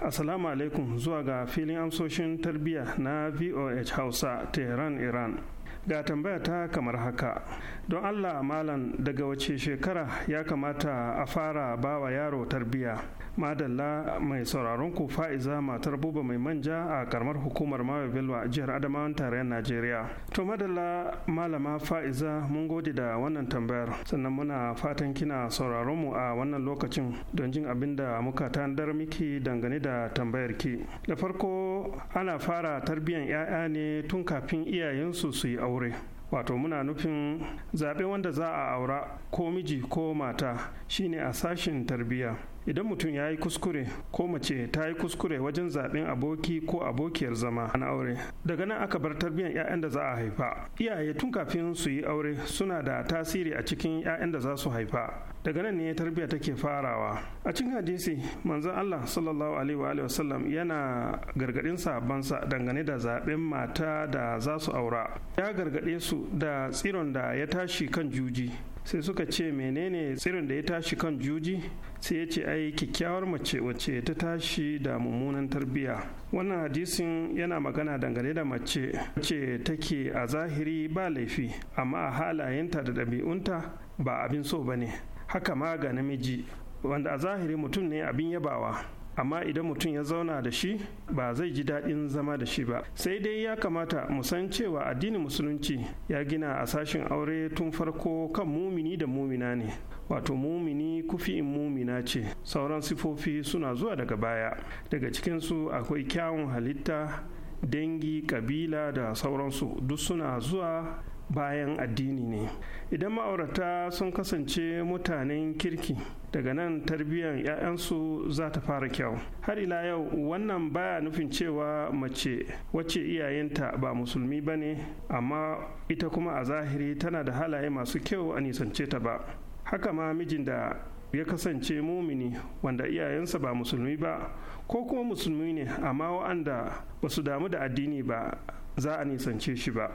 S9: Asalamu alaikum zuwa ga filin amsoshin tarbiyya na voh hausa tehran iran ga tambaya ta kamar haka don allah malam daga wace shekara ya kamata a fara bawa yaro tarbiyya madalla mai sauraron ku fa'iza matar buba mai manja a karamar hukumar mawa belwa jihar adamawan tarayyar najeriya to madalla malama fa'iza mun gode da wannan tambayar sannan muna fatan kina sauraron mu a wannan lokacin don jin abin da muka tandar miki dangane da tambayar ki da farko ana fara tarbiyyan 'ya'ya ne tun kafin iyayensu su yi aure wato muna nufin zaɓe wanda za a aura ko miji ko mata shine a sashin tarbiyya idan mutum ya yi kuskure ko mace ta yi kuskure wajen zaɓen aboki ko abokiyar zama na aure daga nan aka bar tarbiyyar 'ya'yan da za a haifa iyaye tun kafin su yi aure suna da tasiri a cikin 'ya'yan da za su haifa daga nan ne tarbiyyar take farawa a cikin hadisi manzon Allah sallallahu alaihi wa wasallam yana gargaɗin sabansa dangane da zaɓen mata da za su aura ya gargaɗe su da tsiron da ya tashi kan juji sai suka ce menene tsirin da ya tashi kan juji sai ya ce ai kyakkyawar mace wacce ta tashi da mummunan tarbiyya. wannan hadisin yana magana dangane da mace wacce take a zahiri ba laifi amma a halayenta da ɗabi'unta ba abin so ba ne haka ma ga namiji wanda a zahiri mutum ne abin yabawa amma idan mutum ya zauna da shi ba zai ji daɗin zama da shi ba sai dai ya kamata mu san cewa addinin musulunci ya gina a sashen aure tun farko kan mumini da mumina ne wato mumini in mumina ce sauran sifofi suna zuwa daga baya daga cikinsu akwai kyawun halitta dangi kabila da sauransu duk suna zuwa bayan addini ne idan ma'aurata sun kasance mutanen kirki daga nan tarbiyyar 'ya'yansu za ta fara kyau har ila yau wannan baya nufin cewa mace wacce iyayenta ba musulmi ba ne amma ita kuma a zahiri tana da halaye masu kyau a nisance ta ba haka ma mijin da ya kasance mumini wanda iyayensa ba musulmi ba ko kuma musulmi ne amma wa'anda ba su damu da addini ba za a nisance shi ba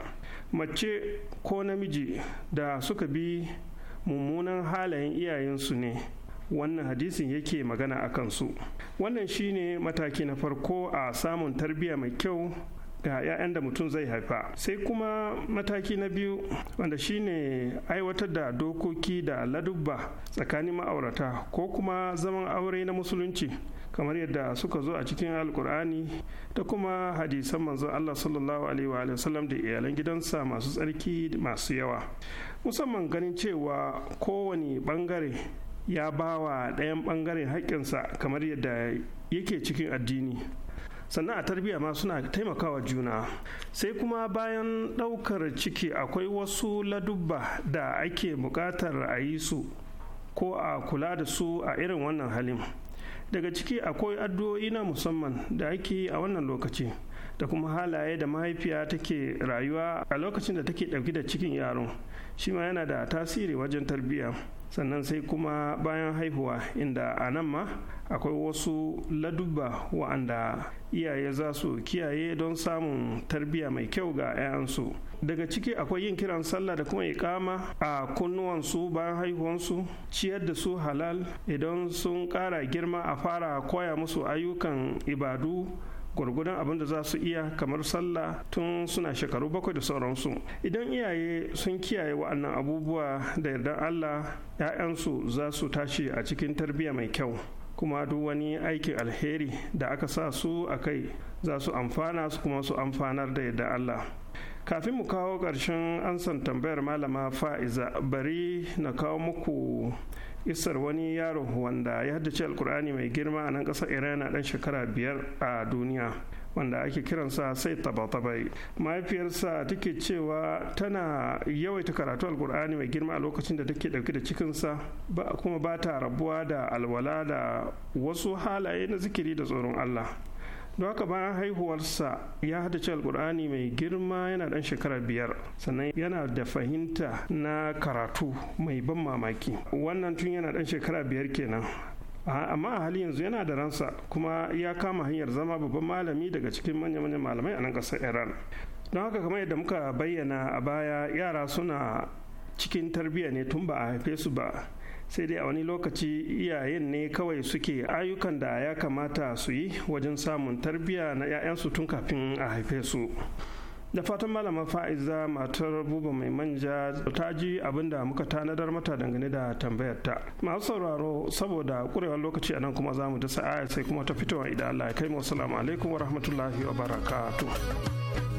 S9: mace ko namiji da suka bi mummunan halayen iyayensu ne wannan hadisin yake magana a kansu wannan shine mataki na farko a samun tarbiyya mai kyau ga 'ya'yan da mutum zai haifa sai kuma mataki na biyu wanda shine aiwatar da dokoki da ladubba tsakanin ma'aurata ko kuma zaman aure na musulunci kamar yadda suka zo a cikin alkur'ani da kuma hadisan manzon Allah sallallahu alaihi wa sallam da iyalan gidansa masu tsarki masu yawa musamman ganin cewa kowane bangare ya bawa ɗayan bangaren haƙƙinsa kamar yadda yake cikin addini sannan a tarbiyya ma suna taimakawa juna sai kuma bayan ɗaukar ciki akwai wasu ladubba da ake buƙatar a yi su ko a kula da su a irin wannan halin daga ciki akwai addu'o'i na musamman da ake yi a wannan lokaci da kuma halaye da mahaifiya take rayuwa a lokacin da take ɗauki da cikin yaron shi ma yana da tasiri wajen tarbiyya sannan sai kuma bayan haihuwa inda a nan ma akwai wasu ladubba wa'anda iyaye za su kiyaye don samun tarbiyya mai kyau ga 'ya'yansu daga ciki akwai yin kiran sallah da kuma ikama a kunnuwansu bayan haihuwansu ciyar da su halal idan sun ƙara girma a fara koya musu ayyukan ibadu gwargwadon abin da za su iya kamar sallah tun suna shekaru bakwai da sauransu idan iyaye sun kiyaye wa'annan abubuwa da yarda allah 'ya'yansu za su tashi a cikin tarbiyya mai kyau kuma duk wani aikin alheri da aka sa su a kai za su amfana su kuma su amfanar da yadda Allah kafin mu kawo ƙarshen ansan tambayar malama fa'iza bari na kawo muku isar wani yaro wanda ya haddace alkur'ani mai girma a nan ƙasar iran a ɗan shekara biyar a duniya wanda ake kiransa sai tabatabai mahaifiyarsa take cewa tana yawaita karatu alkur'ani mai girma a lokacin da take dauke da cikinsa kuma ba ta rabuwa da alwala da wasu halaye na zikiri da tsoron allah don haka bayan haihuwarsa ya ci alkur'ani mai girma yana ɗan shekara biyar sannan yana da fahimta na karatu mai ban mamaki wannan tun yana ɗan shekara biyar kenan amma a halin yanzu yana da ransa kuma ya kama hanyar zama babban malami daga cikin manya-manyan malamai a nan ƙasar iran don haka kamar yadda muka bayyana a baya yara suna cikin tarbiyya ne tun ba a haife su ba sai dai a wani lokaci iyayen ne kawai suke ayyukan da ya kamata su yi wajen samun tarbiyya na 'ya'yansu tun kafin a haife su da fatan malama fa'iza matar buba mai manja ta ji abin da muka tanadar mata dangane da tambayar ta masu sauraro saboda kurewar lokaci a nan kuma za mu dasa aya sai kuma ta fitowa idan allah ya kai mu assalamu alaikum wa rahmatullahi wa barakatuh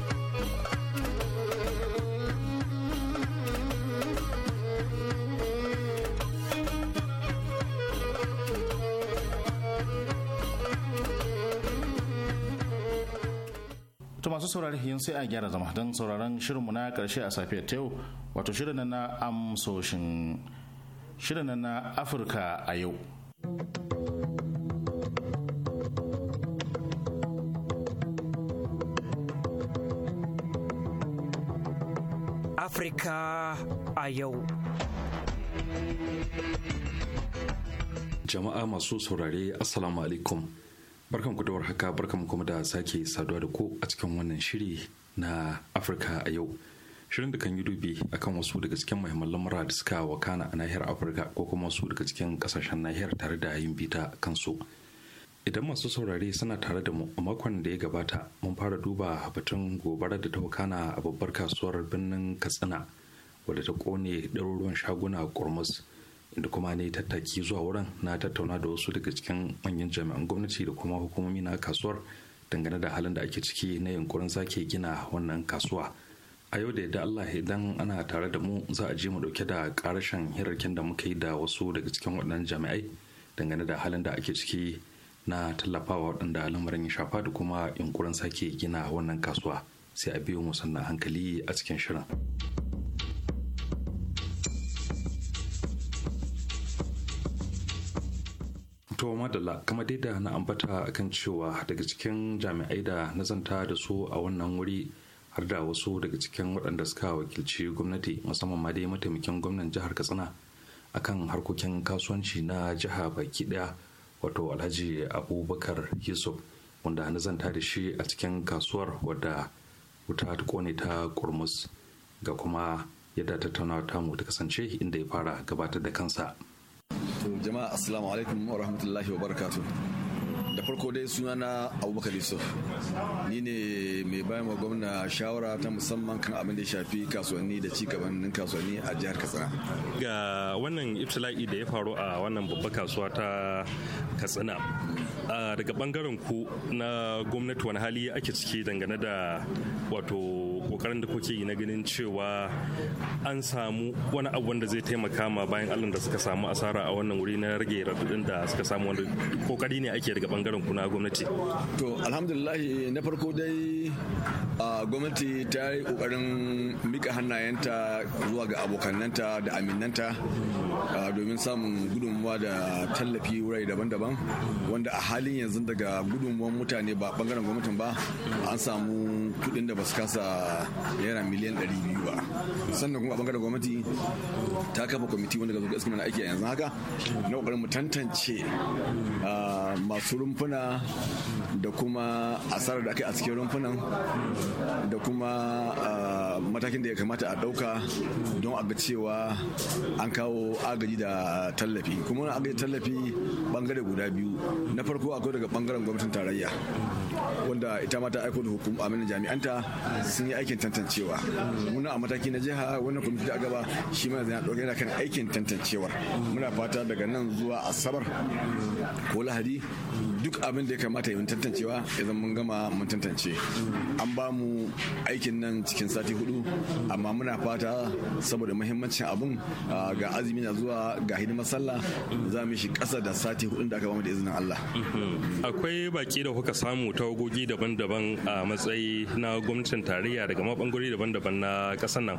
S1: masu saurari yin sai a gyara zama don sauraron shirinmu na karshe a safiyar ta yau wato shirin na amsoshin shirin na afirka a yau
S2: Afirka a yau.
S10: Jama'a masu saurare Assalamu alaikum. Barkan ku da warhaka barkan kuma da sake saduwa da ku a cikin wannan shiri na Afirka a yau. Shirin da kan yi dubi akan wasu daga cikin muhimman lamura da suka wakana a nahiyar Afirka ko kuma wasu daga cikin kasashen nahiyar tare da yin bita kansu. Idan masu saurare suna tare da mu a makon da ya gabata mun fara duba batun gobara da ta wakana a babbar kasuwar birnin Katsina wadda ta kone ɗaruruwan shaguna a Kurmus da kuma ne tattaki zuwa wurin na tattauna da wasu daga cikin manyan jami'an gwamnati da kuma hukumomi na kasuwar dangane da halin da ake ciki na yunkurin sake gina wannan kasuwa a yau da yadda allah idan ana tare da mu za a je mu dauke da karashen hirarkin da muka yi da wasu daga cikin waɗannan jami'ai dangane da halin da ake ciki na tallafawa waɗanda lamarin ya shafa da kuma yunkurin sake gina wannan kasuwa sai a biyo mu sannan hankali a cikin shirin. To madalla kamar dai da na ambata kan cewa daga cikin jami'ai da nazanta da su a wannan wuri har da wasu daga cikin waɗanda suka wakilci gwamnati musamman ma dai mataimakin gwamnan jihar Katsina akan harkokin kasuwanci na jiha baki ɗaya wato Alhaji Abubakar Yusuf wanda nazanta da shi a cikin kasuwar wadda wuta ta kone ta kurmus ga kuma yadda tattaunawa tamu ta kasance inda ya fara gabatar da kansa.
S11: To jama'a assalamu alaikum wa rahmatullahi wa barakatuh. Da farko dai suna na Abubakar Yusuf. Ni ne mai bayan wa gwamna shawara ta musamman kan abin da ya shafi kasuwanni da ci gabanin kasuwanni a jihar Katsina.
S12: Ga wannan ibtila'i da ya faru a wannan babbar kasuwa ta Katsina. Daga bangaren ku na gwamnati wani hali ake ciki dangane da wato kokarin da kuke yi na ganin cewa an samu wani abu wanda zai taimaka ma bayan allon da suka samu asara a wannan wuri na rage radadin da suka samu wanda kokari ne ake daga bangaren kuna gwamnati
S11: to alhamdulillah na farko dai gwamnati ta yi kokarin mika hannayenta zuwa ga abokannanta da aminanta domin samun gudunmuwa da tallafi wurare daban-daban wanda a halin yanzu daga gudunmuwan mutane ba bangaren gwamnatin ba an samu kuɗin da ba su kasa naira miliyan 200 ba sannan kuma a bangaren gwamnati ta kafa kwamiti wanda ga zuwa mana aiki a yanzu haka na kokarin mu tantance ah, masu rumfuna da kuma asarar da aka yi a cikin rumfunan da kuma ah, matakin da ya kamata a dauka don a ga cewa an kawo agaji da tallafi kuma agaji tallafi bangare guda biyu na farko akwai daga bangaren gwamnatin tarayya wanda ita ma aiko da hukum amina jami'anta sun yi aikin tantancewa muna a mataki na jiha wannan kwamiti da gaba shi ma zai dauke da kan aikin tantancewar muna fata daga nan zuwa asabar ko lahadi duk abin da ya kamata yin tantancewa idan mun gama mun tantance an ba mu aikin nan cikin sati hudu amma muna fata saboda muhimmancin abun ga azumi na zuwa ga hidimar sallah za mu shi kasa da sati hudu da aka ba mu da izinin Allah
S12: mhm. akwai baki da kuka samu tawagogi daban-daban a matsayi na gwamnatin tarayya daga bangare daban-daban na kasan nan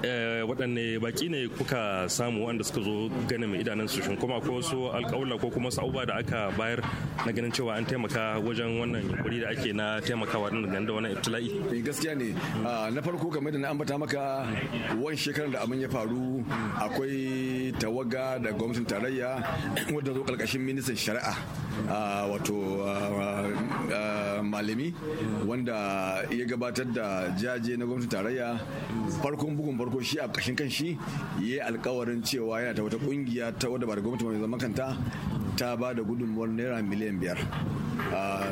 S12: eh, waɗanne baki ne kuka samu wanda suka zo ganin mai idanun su shin kuma ko su alƙawla ko kuma sa'uba da aka bayar na ganin cewa an taimaka wajen wannan yunkuri da ake na taimakawa din dangane da wannan ibtila'i
S11: eh, gaskiya ne hmm. ah, na farko kamar da na ambata maka wani shekarar da abin ya faru hmm. akwai tawaga da gwamnatin tarayya wadda zo karkashin ministan shari'a ah, wato ah, malami hmm. wanda ya gabatar da jaje na gwamnatin tarayya farkon bugun farko shi a kashin kan shi ya alkawarin cewa yana ta wata kungiya ta wadda ba da gwamnati mai zaman kanta ta ba da gudunmuwar naira miliyan biyar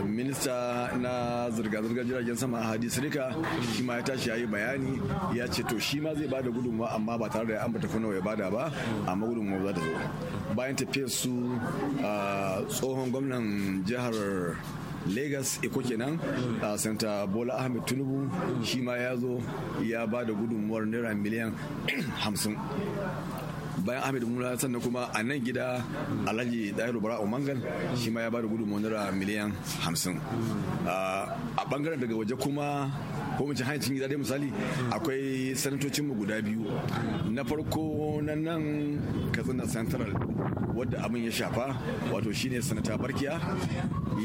S11: minista na zirga-zirgar jiragen sama a hadis rika shi ma ya tashi ya yi bayani ya ce to shi ma zai bada gudunmawa amma ba tare da ya ambata kuna ya bada ba amma gudunmawa za ta zo bayan tafiyar su tsohon gwamnan jihar lagos Eko kenan a Santa Bola Ahmed Tinubu shi ma ya zo ya ba da gudunmuwar naira miliyan <clears throat> hamsin bayan ahmed mura sannan kuma a nan gida alhaji dahiru bara umangal shi ma ya ba da gudunmu naira miliyan hamsin a bangaren daga waje kuma ko mace hancin gida dai misali akwai sanatocin guda biyu na farko na nan katsina central wadda abin ya shafa wato shine sanata barkiya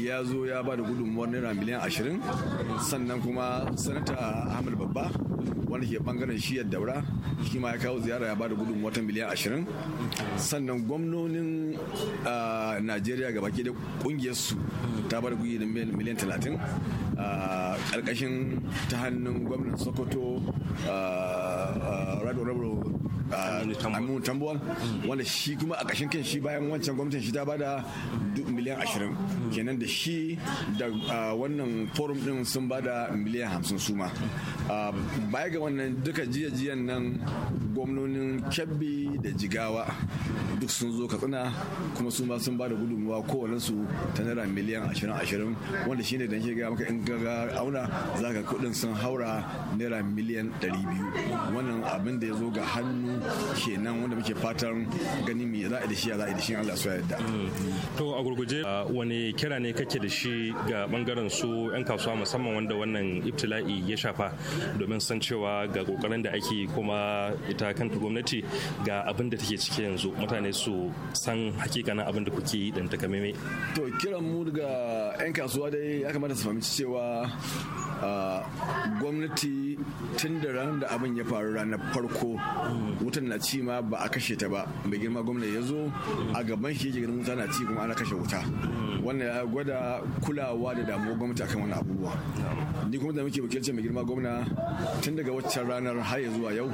S11: ya zo ya ba da gudunmuwar naira miliyan ashirin sannan kuma sanata ahmad babba wanda ke bangaren shiyar daura shi ma ya kawo ziyara ya ba da gudun wata miliyan ashirin sannan gwamnonin najeriya ga baki da kungiyarsu ta da gudun miliyan talatin karkashin ta hannun gwamnan sokoto rado Ah, aminu tambuwal wanda shi kuma a ƙashin kan shi bayan wancan gwamnatin shi ta bada miliyan ashirin kenan da shi da ah, wannan forum din sun bada miliyan hamsin suma ah, baya ga wannan duka jiya-jiyan nan gwamnonin kebbi da jigawa duk sun zo katsina kuma su ma sun ba da gudunmuwa kowannensu ta naira miliyan ashirin ashirin wanda shine da ke gaya maka in ga auna za ka kudin sun haura naira miliyan ɗari biyu wannan abin da ya zo ga hannu kenan wanda muke fatan gani mai za a da shi za a da shi Allah su yarda
S12: to a gurguje wani kira ne kake da shi ga bangaren su yan kasuwa musamman wanda wannan ibtila'i ya shafa domin san cewa ga kokarin da ake kuma ita kanta gwamnati ga abin da take ciki yanzu mutane su san hakikanin abin da kuke yi dan takamaimai
S11: to kiran mu daga yan kasuwa dai ya kamata su fahimci cewa gwamnati tun da ran da abin ya faru ranar farko wutan na ci ma ba a kashe ta ba mai girma gwamna ya zo a gaban shi yake ganin wuta na ci kuma ana kashe wuta wannan ya gwada kulawa da damuwa gwamnati akan wannan abubuwa ni kuma da muke bukirce mai girma gwamna tun daga waccan ranar har ya zuwa yau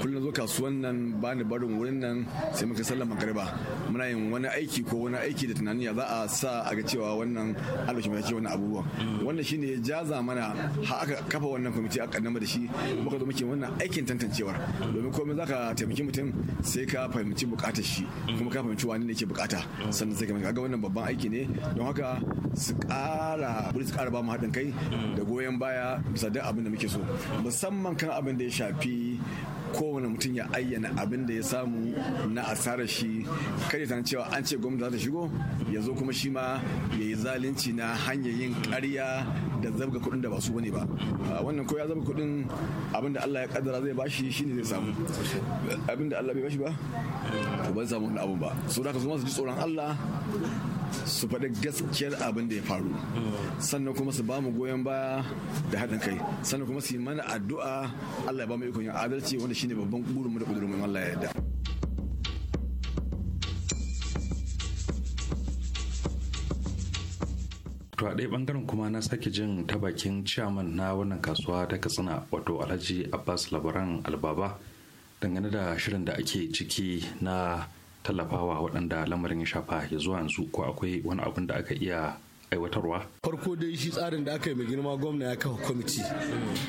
S11: kullum zo kasuwan nan ba ni barin wurin nan sai muka sallar magariba muna yin wani aiki ko wani aiki da tunani za a sa a ga cewa wannan alwashi mataki wannan abubuwan wannan shine ya jaza mana har aka kafa wannan kwamiti a kaddama da shi muka zo muke wannan aikin tantancewar domin komai zaka taimaki mutum sai ka fahimci bukatar shi kuma ka fahimci wani ne ke bukata sannan sai ka ga wannan babban aiki ne don haka su ƙara wuri su ƙara ba mu haɗin kai da goyon baya bisa duk abin da muke so musamman kan abin da ya shafi kowane mutum ya ayyana abin da ya samu na asarar shi kada ta cewa an ce gwamnati za ta shigo ya zo kuma shi ma ya yi zalunci na hanyar yin ƙarya da zabga kuɗin da ba su bane ba wannan ko ya zabga kuɗin abin da Allah ya kaddara zai bashi shine zai samu abin da Allah bai bashi ba ba zai samu wani abu ba so da ka zo su ji tsoron Allah su faɗi gaskiyar abin da ya faru sannan kuma su ba mu goyon baya da haɗin kai sannan kuma su yi mana addu'a Allah ya ba mu ikon yin adalci wanda shine babban burin da kudurin mu Allah ya yarda to a ɗaya ɓangaren kuma na
S10: sake jin ta bakin chairman na wannan kasuwa ta katsina wato alhaji abbas labaran albaba dangane da shirin da ake ciki na tallafawa waɗanda lamarin ya shafa ya zuwa yanzu ko akwai wani abin da aka iya aiwatarwa
S13: farko dai shi tsarin da aka yi mai girma gwamna ya kafa kwamiti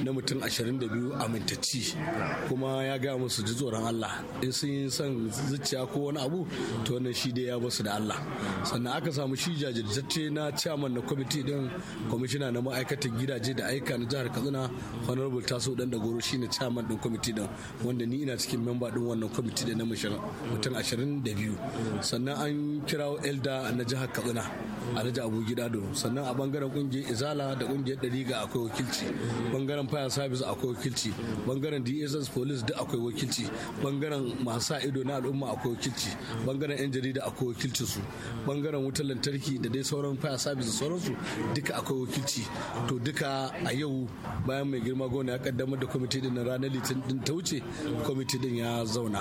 S13: na mutum 22 amintacci kuma ya gaya musu ji tsoron Allah in sun yi son zuciya ko wani abu to wannan shi dai ya basu da Allah sannan aka samu shi jajirtacce na chairman na kwamiti din kwamishina na ma'aikatan gidaje da aika na jihar Katsina honorable taso dan da goro shine chairman din kwamiti din wanda ni ina cikin memba din wannan kwamiti din na mutum 22 sannan an kirawo elda na jihar Katsina Alhaji Abu Gida sannan a bangaren kungiyar izala da kungiyar ga akwai wakilci bangaren fire service akwai wakilci bangaren dss police da akwai wakilci bangaren masu ido na al'umma akwai wakilci bangaren yan jarida akwai wakilci su bangaren wutar lantarki da dai sauran fire service sauran sauransu duka akwai wakilci to duka a yau bayan mai girma gona ya kaddamar da kwamiti din ranar litinin ta wuce kwamiti din ya zauna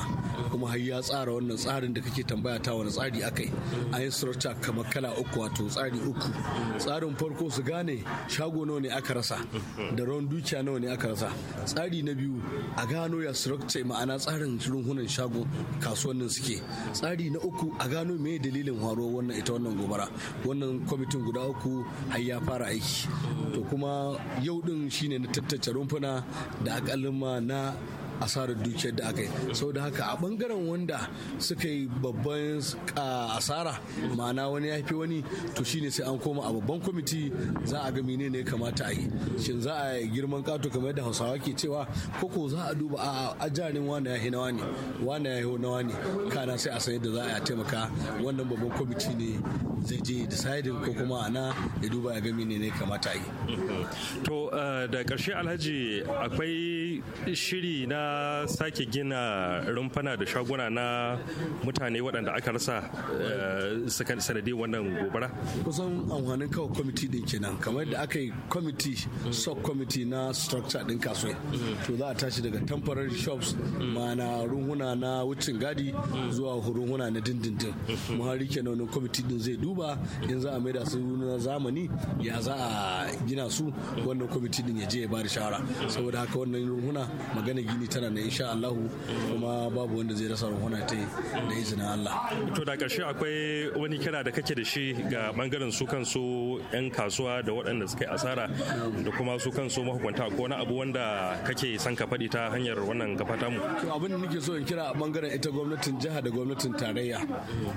S13: kuma har ya tsara wannan tsarin da kake tambaya ta wani tsari akai an yi structure kamar kala uku wato tsari uku tsarin farko su gane shago nawa ne aka rasa da rawan dukiya nawa ne aka rasa tsari na biyu a gano ya structure ma'ana tsarin runhunan shago kasuwannin suke tsari na uku a gano me dalilin haro wannan ita wannan gobara wannan kwamitin guda uku har ya fara aiki to kuma yau din shine na tattace rumfuna da akalin ma na asarar dukiyar da aka yi Sau da haka a bangaren wanda suka yi babban asara ma'ana wani ya fi wani to shine sai an koma a babban kwamiti za a ga ne ne kamata a yi shin za a yi girman kato kamar da hausawa ke cewa koko za a duba a ajarin wanda ya hinawa ne wani ya hina wani. kana sai a san yadda za a taimaka wannan babban kwamiti ne zai je deciding ko kuma ana ya duba ya ga ne ne kamata a
S14: yi
S12: to eh, da karshe alhaji akwai shiri na sake gina rumfana da shaguna na mutane waɗanda aka rasa eh, sanadi wannan gobara
S13: kusan amfanin kawo kwamiti din kenan kamar da aka yi kwamiti sub kwamiti na structure din kasuwa to za a tashi daga temporary shops ma'ana runguna na wucin gadi zuwa runguna na dindindin muhari kenan nan kwamiti din zai duba in za a maida su na zamani ya za a gina su wannan kwamiti din ya je ya ba da shawara saboda haka wannan runguna magana gini tana na insha Allah kuma babu wanda zai rasa ruhuna ta da izinin Allah to
S12: da karshe akwai wani kira da kake da shi ga bangaren su kansu yan kasuwa da waɗanda suka yi asara da kuma su kansu mahukunta ko wani abu wanda kake son ka faɗi ta hanyar wannan
S13: kafa tamu to abin da nake so in kira a bangaren ita gwamnatin jiha da gwamnatin tarayya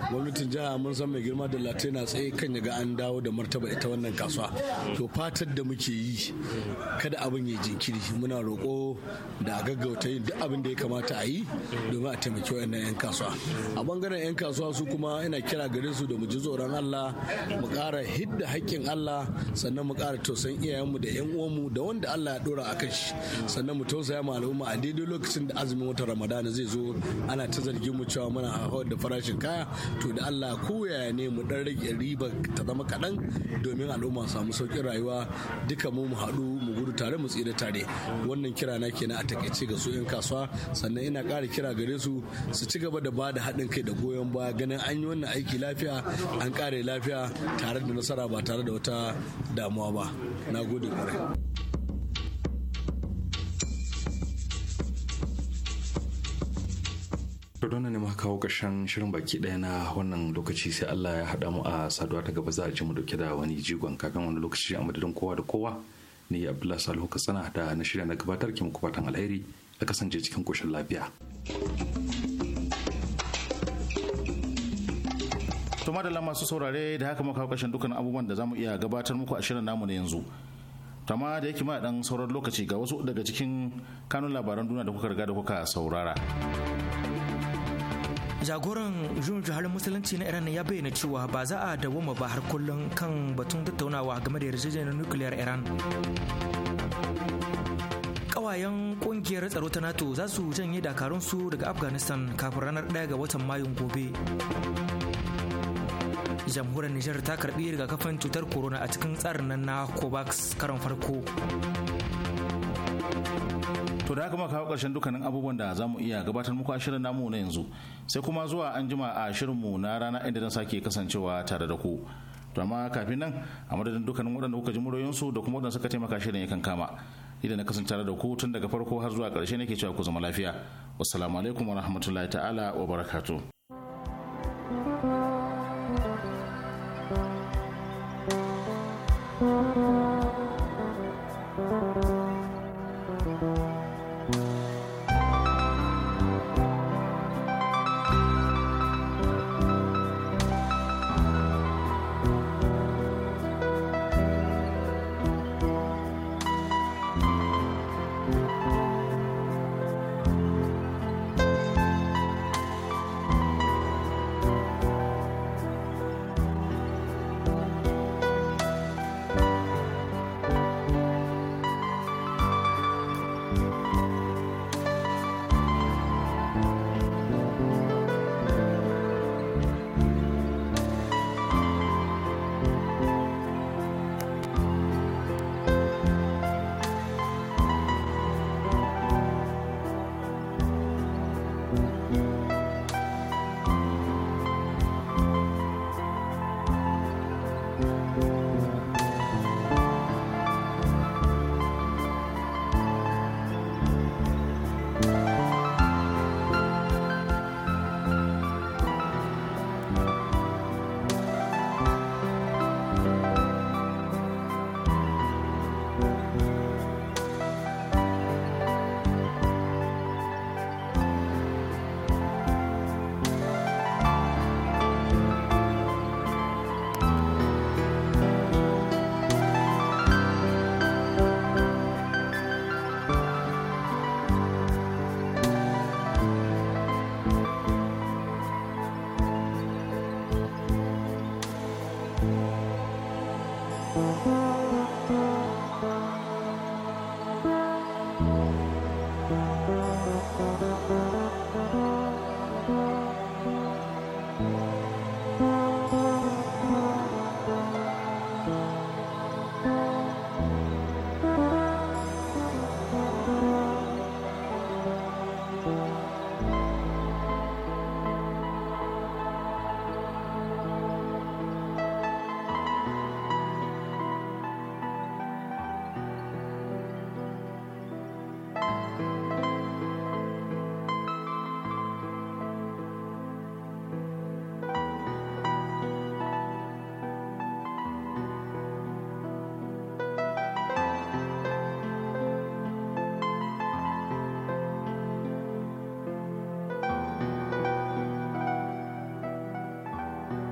S13: gwamnatin jiha mun san mai girma da latai na tsaye kan ya ga an dawo da martaba ita wannan kasuwa to fatar da muke yi kada abin ya jinkiri muna roƙo da a gaggauta ta yi duk abin da ya kamata a yi domin a taimaki wayannan 'yan kasuwa a bangaren 'yan kasuwa su kuma ina kira gare su da mu ji tsoron Allah mu kara hidda haƙƙin Allah sannan mu kara tausan iyayenmu da 'yan uwanmu da wanda Allah ya ɗora a kan shi sannan mu tausaya ma al'umma a daidai lokacin da azumin wata Ramadana zai zo ana ta zargin mu cewa muna hawar da farashin kaya to da Allah koyaya ne mu dan rage riba ta zama kaɗan domin al'umma samu sauƙin rayuwa duka mu mu haɗu mu gudu tare mu tsira tare wannan kira na kenan a takaice ga su 'yan kasuwa sannan ina ƙara kira gare su su ci gaba da ba da haɗin kai da goyon baya ganin an yi wannan aiki lafiya an ƙare lafiya tare da nasara ba tare da wata damuwa ba na gode kwarai
S10: Dona ne ma kawo ƙarshen shirin baki ɗaya na wannan lokaci sai Allah ya haɗa mu a saduwa ta gaba za a ji mu dauke da wani jigon kafin wani lokaci a madadin kowa da kowa ni Abdullahi Salihu Katsina da na shirya na gabatar ki muku fatan alheri a kasance cikin koshin lafiya.
S1: To madalla masu saurare da haka muka kashin dukkan abubuwan da zamu iya gabatar muku a shirin namu na yanzu. Tama da yake ma dan sauran lokaci ga wasu daga cikin kanun labaran duniya da kuka riga da kuka saurara.
S2: jagoran jun jihar musulunci na iran ya bayyana cewa ba za a dawoma ba har kullum kan batun tattaunawa game da yarjejeniyar nukiliyar iran hawayen kungiyar tsaro ta NATO za su janye su daga Afghanistan kafin ranar daya ga watan Mayun gobe. Jamhuriyar Nijar ta karbi rigakafin cutar corona a cikin tsarin nan na COVAX karon farko.
S1: To da kuma kawo ƙarshen dukkanin abubuwan da za mu iya gabatar muku a shirin namu na yanzu sai kuma zuwa an jima a shirinmu na rana inda zan sake kasancewa tare da ku. To amma kafin nan a madadin dukkanin waɗanda kuka ji muryoyinsu da kuma waɗanda suka taimaka shirin kan kama. idan na kasance tare da ku tun daga farko har zuwa ƙarshe nake cewa ku zama lafiya wassalamu alaikum wa rahmatullahi ta'ala wa barakatuh